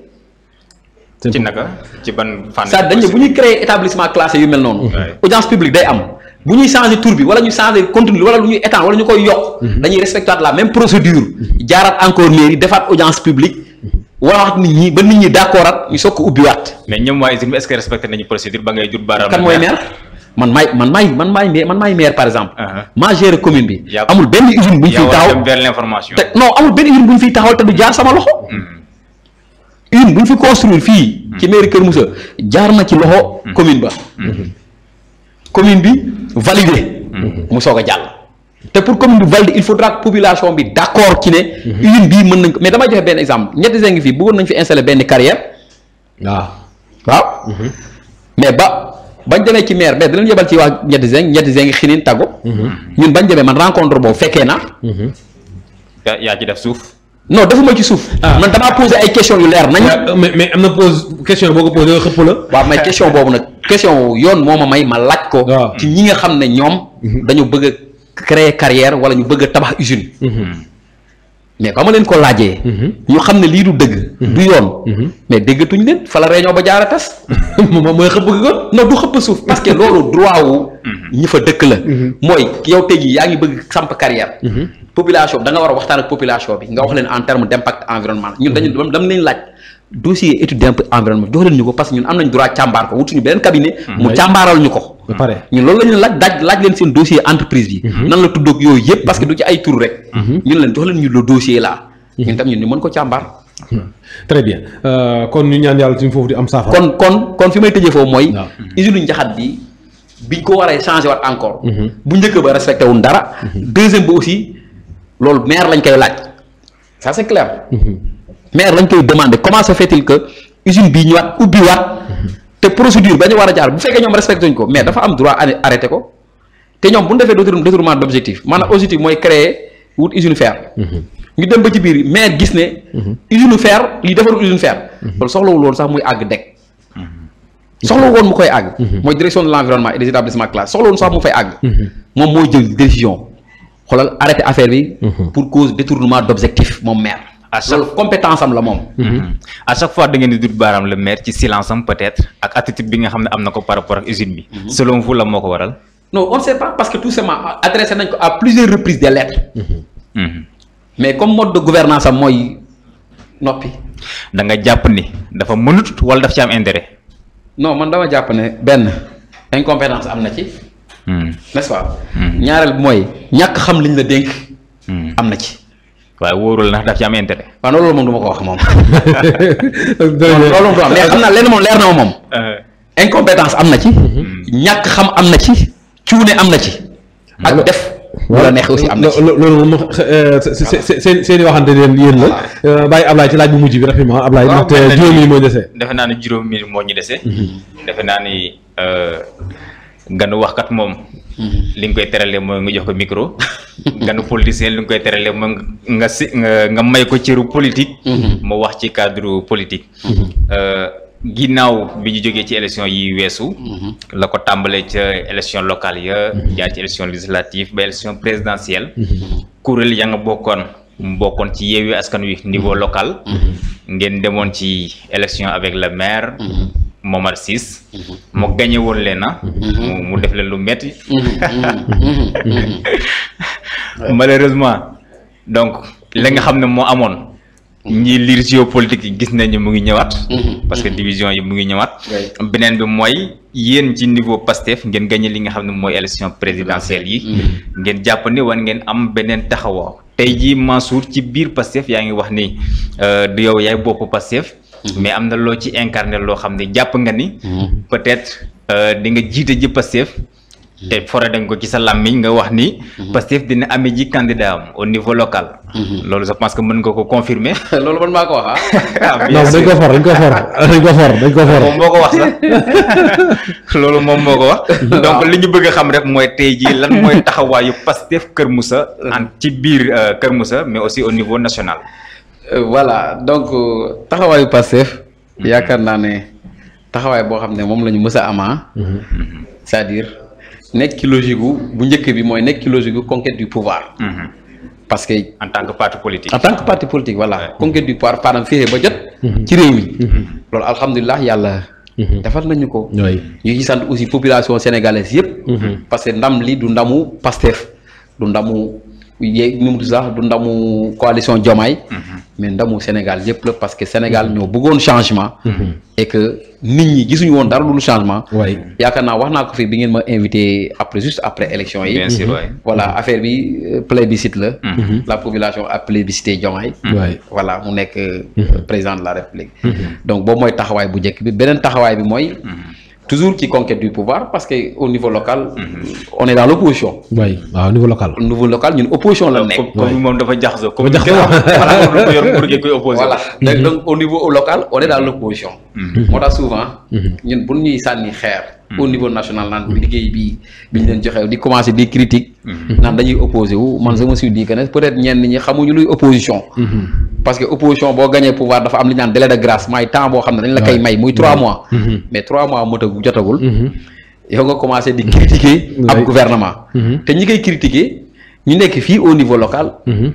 ci naka ci ban fan ça dañ bu créer établissement classé yu mel non audience publique day am bu changer tour bi wala ñu changer contenu wala lu ñuy wala ñu yok mhm. dañuy respecter la même procédure jaarat encore mairie defaat audience publique waxat nit ñi ba nit ñi ñu ubbi wat mais ñom way est-ce que respecter nañu procédure ba ngay baram kan moy maire man may man may man may man may maire par exemple uh-huh. ma gérer commune bi y'a amul ben usine buñ fi taxaw non amul ben usine buñ fi taxaw te du jaar sama loxo hmm. une bu fi construire fi hmm. ci mairie Moussa ci loxo. Hmm. commune ba. Hmm. commune bi validé. mu pour commune il faudra que population bi d'accord ki né une bi mais joxe exemple ñet zeng fi bëggon nañ fi installer carrière. Ah. mais ba bañ demee ci maire mais des yebal ci wa ñet zeng ñet zeng xinin ñun bañ man rencontre fait féké na. ci def non defuma ci suuf. Ah. man damaa posé une question yu l'air. nañ. mais mais pose question boo poser posé xëpp la. question boobu nag question may ma ko. ci ñi nga mhm. dañu bëgg créer carrière wala ñu bëgg tabax usine. Mhm. mais ba ma leen ko laajee. Mhm. ñu xam ne lii du dëgg. Mhm. du yoon. Mhm. mais déggatuñ leen fa la réunion ba jaar a tas. moom mooy xëpp ko non du xëpp suuf parce que loolu droit wu. ñi fa dëkk la. mooy yow tey jii yaa ngi bëgg samp carrière. population bi war a waxtaan ak population bi nga wax leen en terme d' impact ñun dañu dam leen laaj. dossier étude d'impact environnement jox leen ñu ko parce ñun am nañ droit chambar ko wutuñu benen cabinet hmm. mu hmm. chambaral ñu ko hmm. ba pare ñun loolu lañu laaj daaj laaj leen seen dossier entreprise bi nan la tuddok yoy yëpp parce que du ci ay tour rek ñun leen jox leen ñu le dossier là ñun tam ñun ni mën ko chambar très bien euh, kon ñu ñaan yalla suñu fofu di am safa kon kon kon fi may tëjee foofu mooy usine njaxat bi biñ ko waree changer wat encore bu ñëk ba respecté wu dara deuxième ba aussi lool maire lañ koy laaj ça c'est clair maire lañ koy demander comment se fait-il que usine bi ñëwaat ubi wat té procédure bañu wara jaar bu féké ñom respecté wuñ ko mais dafa am droit arrêter ko té ñom bu défé defee détournement d'objectif man mm-hmm. objectif moy créer wut usine fer. Mm-hmm. ñu dem ba ci biir maire gis né mm-hmm. usine fer li défar usine fer. loolu wul won sax muy ag deg. soxla won mu koy ag moy direction de l'environnement et des établissements classe soxla won sax mu fay ag mom moy jël décision xolal arrêter affaire bi. pour cause détournement d'objectif mom maire. à chaque compétence am la mhm. à chaque fois da vous di dut le maire ci silence peut-être ak attitude bi nga avez par rapport à l'usine, mhm. selon vous la mort waral. non on ne sait pas parce que tout simplement adressé à plusieurs reprises des lettres. Mhm. mais comme mode de gouvernance am mooy noppi. da nga jàpp ni dafa mënut wala daf ci am intérêt. non man dama ben ne benn incompétence am na ci. n'est-ce pas. de mooy ñàkk xam liñ la dénk. am ci. waaye wóorul ndax daf ci am intérêt. waaw loolu moom du ma ko wax moom. loolu moom xam naa lenn moom leer na ma moom. Euh. incompétence am na ci. Mhm. ñàkk xam am na ci. cuune am na ci. ak def. wala neex si am na ci loolu moom seen seen i waxante yéen yéen la euh, bàyyi Ablaye ci laaj bu mujj bi rapidement Ablaye laay juróomi moo ñu dese. defe naa ne juróomi moo ñu dese. Mhm. defe naa ni. Euh, ganu kat moom mm-hmm. li nga koy teralee mooy nga jox ko micro ganu politicien li nga koy teralee mooy nga si nga may ko cëru politique mm-hmm. mu wax ci cadre politique mm-hmm. euh, ginnaaw bi ñu jógee ci élection yi weesu la ko tàmbalee ca élection locale ya jaar ci élection législative ba élection présidentielle kuréel nga bokkoon bokkoon ci Yewwi Askan Wi niveau local ngeen demoon ci élection avec le maire Momar Sis mhm. mo gagné won léna mhm. mu def leen lu metti mhm. malheureusement donc la nga xamné mo amone ñi lire géopolitique gis nañu mu ngi ñëwaat parce que division yi mu ngi ñëwaat benen bi moy yeen ci niveau pastef ngeen gagné li nga xamné moy élection présidentielle yi ngeen japp ni war ngeen am benen taxawoo tay ji Mansour ci bir pastef yaangi wax ni euh, du yow yaay bop pastef Mm-hmm. mais am na loo ci incarner lo xamné japp nga ni mm-hmm. peut-être euh, di nga jité ji Pastef mm-hmm. té foré dañ ko ci sa lammi nga wax ni Pastef dina amé ji candidat au niveau local loolu je pense que mën nga ko confirmer loolu man mako wax ah, ah non dañ ko for dañ ko for dañ ko for dañ ko for mom moko wax sax loolu mom moko wax donc liñu bëgg xam rek moy tay ji lan moy taxawayu Pastef keur Moussa en ci biir keur Moussa mais aussi au niveau national Euh, voilà donc euh, taxawaayu Pastef mhm. yaakaar naa ne taxawaay boo xam ne moom la ah. mhm. mhm. c'est-à-dire nek ki logique bu njëkk bi moy nek ki logique gu conquête du pouvoir parce que en tant que parti politique en tant que parti politique voilà conquête du pouvoir param fexe ba jot ci réew mi loolu alhamdulilah yalla defal nañu ko ñu ci sante aussi population sénégalaise yépp parce que ndam li du ndamu Pastef du ndamu nous avons du ndamu coalition Jomai mhm. mais ndamu Sénégal je pleure parce que le Sénégal mhm. beaucoup de changement mhm. et que nous avons gisuñu woon dara changement il y a un ma invité après juste après élection yi voilà affaire bi euh, plébiscite la la population a plébiscité Jomai, voilà on est nekk euh, président de la République donc bon moi taxawaay bu njëkk bi toujours qui conquiert du pouvoir parce que au niveau local. Mhm. on est dans l'opposition. oui ah, au niveau local. au niveau local ñun opposition là. une comme là. dafa jax comme voilà dafa mhm. donc au niveau local on est dans l'opposition. Mhm. On a souvent. ñun bu ñuy sànni Hmm. au niveau national naan hmm. liggéey bi bi ñu leen joxe di commencer des critiques hmm. naan dañuy opposé wu man sama me suis dit que ne peut-être ñenn ñi xamuñu luy opposition parce que opposition bo gagner pouvoir dafa am li ñaan délai de grâce may temps bo xam dañ la kay may muy trois mois mais trois mois gu jotagul yow nga commencer di critiquer ab gouvernement te ñi kay critiquer ñu nek fi au niveau local.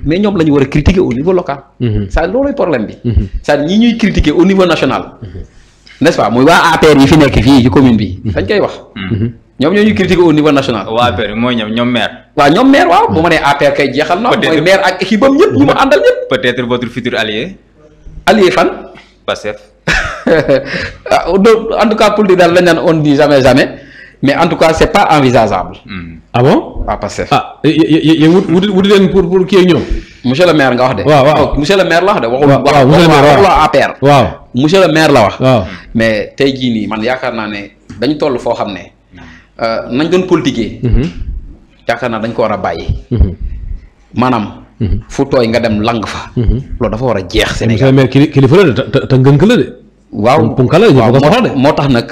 mais ñom lañu wara critiquer au niveau local. ça lolay problème bi. ça ñi ñuy critiquer au niveau national n'est-ce pas muy waa APR yi fi nekk fii ci commune bi. Mm-hmm. dañ koy wax. Mm-hmm. Mm-hmm. ñoom ñoo ñu critiqué au niveau national. waa APR mooy ñoom ñoom maire. waaw ñoom maire waaw bu ma nee APR kay jeexal na. peut-être mooy maire ak équipe am ñëpp ñu ma àndal ñëpp. peut-être votre futur allié. allié fan. Pastef. Ah, en tout cas politique daal lañ naan on dit jamais jamais mais en tout cas c'est pas envisageable. Mm. ah bon. waa Pastef. ah yéen wuti wuti leen pour pour kii ak ñoom. monsieur le maire nga wax de waaw waaw monsieur le maire la wax de waxul waaw monsieur le maire waxul waa waaw monsieur le maire la wax waaw mais tey jii man ne dañ toll euh, nañ politiquer mhm. dañ ko a mhm. Mhm. fu nga dem lang fa loolu dafa war a jeex Sénégal monsieur kilifa la de te la de waaw punka la ñëpp ko soxla de moo tax nag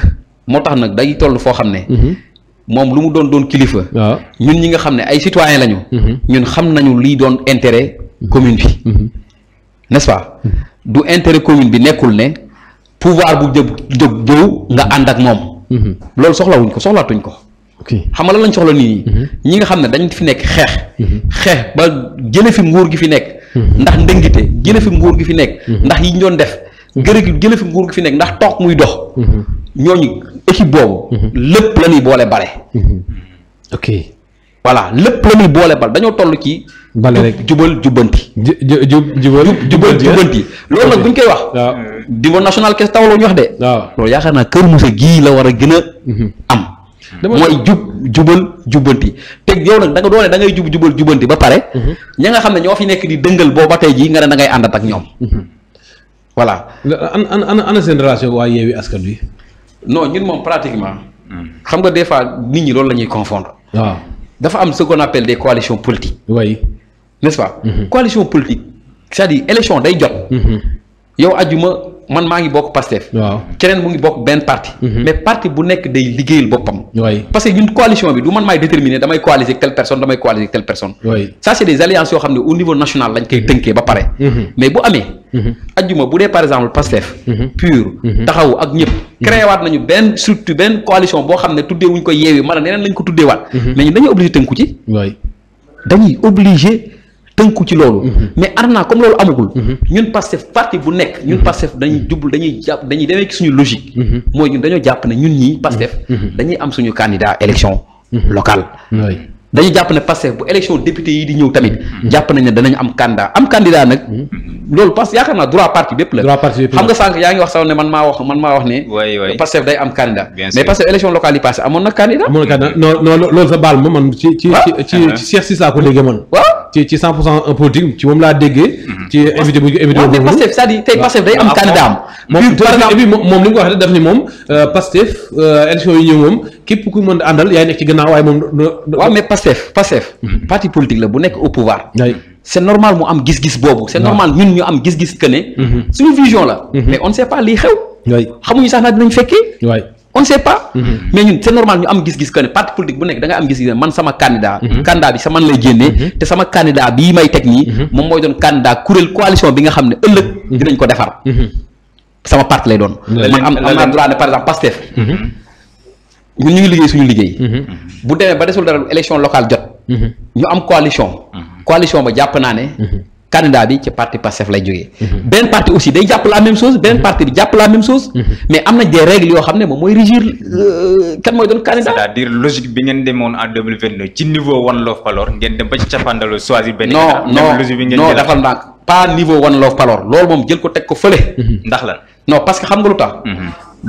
moo tax toll foo xam ne lu mu doon doon kilifa ñun ñi nga xamne ay citoyen lañu ñun xam nañu li doon intérêt commune bi mhm. n'est-ce pas du intérêt commune bi nekkul ne pouvoir bu jë jóg jëw nga ànd ak moom mhm. loolu soxlawuñ ko soxlaatuñ ko xam nga la lañ soxla nit ñi mhm. ñi nga xam ne dañ fi nekk xeex xeex ba jële fi nguur gi fi nekk ndax ndëngite jële fi nguur gi fi nekk ndax yi ñu doon def gërë gi fi nguur gi fi nekk ndax toog muy dox ñooñu équipe boobu lépp la ñuy boole bare voilà lépp la ñuy boole bal dañoo toll ci. bale rek jubal jubanti. ju jub jubal jubal jubanti. Ah. loolu nag bu ñu koy wax. le niveau national kese taw la ñu wax de. waaw le yaakaar naa Kër la war a a mhm. am. mooy jub jubal jubanti te yow nag da nga doone da ngay jub jubal jubanti ba pare. Mhm. ña nga xam ne ñoo fi nekk di dëngal boo ba tey jii nga ne da ngay àndat ak ñoom. Mhm. voilà. an an an ana seen relation waa Yewwi Askan Wi. non ñun moom pratiquement. Mm. xam nga des fois nit ñi loolu la confondre. dafa ce qu'on appelle des coalitions politiques. oui n'est-ce pas. Mhm. coalition politique c'est-à-dire élection day jot. Mhm. yow ajuma man maa ngi bokk Pastef. waaw keneen mu ngi parti. Mhm. mais parti bu nek day liggéeyal bopam parce que une coalition bi du man may déterminer damay coaliser telle personne damay coaliser telle personne. ça c'est des alliances yo xamné au niveau national lañ koy tënkee ba paré mhm. mais bu amé mhm. aljuma bu par exemple Pastef. pur taxaw ak ñep créé waat nañu ben surtout Ben, coalition bo xamné ne wuñ ko yéwé mala nenen lañ ko tuddee waat. mais ñun obligé tënku ci. dañuy obligé. Mhm. mais arna comme loolu amagul. Mhm. ñun nous parti bu nekk. ñun mhm. dañuy dañuy dañuy ci suñu logique. mooy ñun dañoo jàpp ne ñun ñii dañuy am suñu élection locale. dañu jàpp ne Pastef bu élection député yi di ñëw tamit. jàpp nañ ne danañ am candidat am candidat nag. loolu parce que yaakaar yaa ngi wax sax ne man maa wax man maa wax ne. waay waay Pastef day am candidat. mais Pastef moom laa déggee. Mhm. ci moom li mu ko waxee daf ni moom euh, Pastef euh, élection yi ñëw moom képp ku mën andal yaay nek ci gannaaw way mom wa mais Pastef Pastef. Mhm. parti politique la bu nek au pouvoir. c'est normal mu am gis-gis bobu c'est normal ñun ñu am gis-gis que ne. Mhm. suñu vision la. Mhm. mais on ne sait pas li xew. xamuñu sax na dinañ fekkee. on ne sait pas. mais ñun c'est normal ñu am gis-gis que ne parti politique bu nek da nga am gis-gis man sama candidat. candidat bi sama man lay génnee. té sama candidat bi may tek ni mom moy doon candidat kurel coalition bi nga xamné ëlëk dinañ ko défar sama parti lay doon. am am droit ne par exemple Pastef. ñun ñu ngi liggéey suñu liggéey. Mm-hmm. bu demee ba desul dara élection locale jot. Mm-hmm. ñu am coalition. Mm-hmm. coalition ba jàpp naa ne. candidat bi ci parti Pastef lay jógee. benn parti aussi day jàpp la même chose benn parti bi jàpp la même chose. mais am na des règles yoo xam ne moom mooy régir euh, kan mooy doon candidat. c'est-à-dire logique bi ngeen demoon en deux mille vingt deux ci niveau one love palor ngeen dem ba ci pas niveau one loolu moom jël ko teg ko fële. ndax la non parce que xam nga lu tax.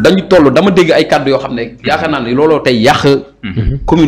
dañu toll dama dégg ay kàddu yoo xam ne yaakaar naa ne looloo tey yàq. Mhm.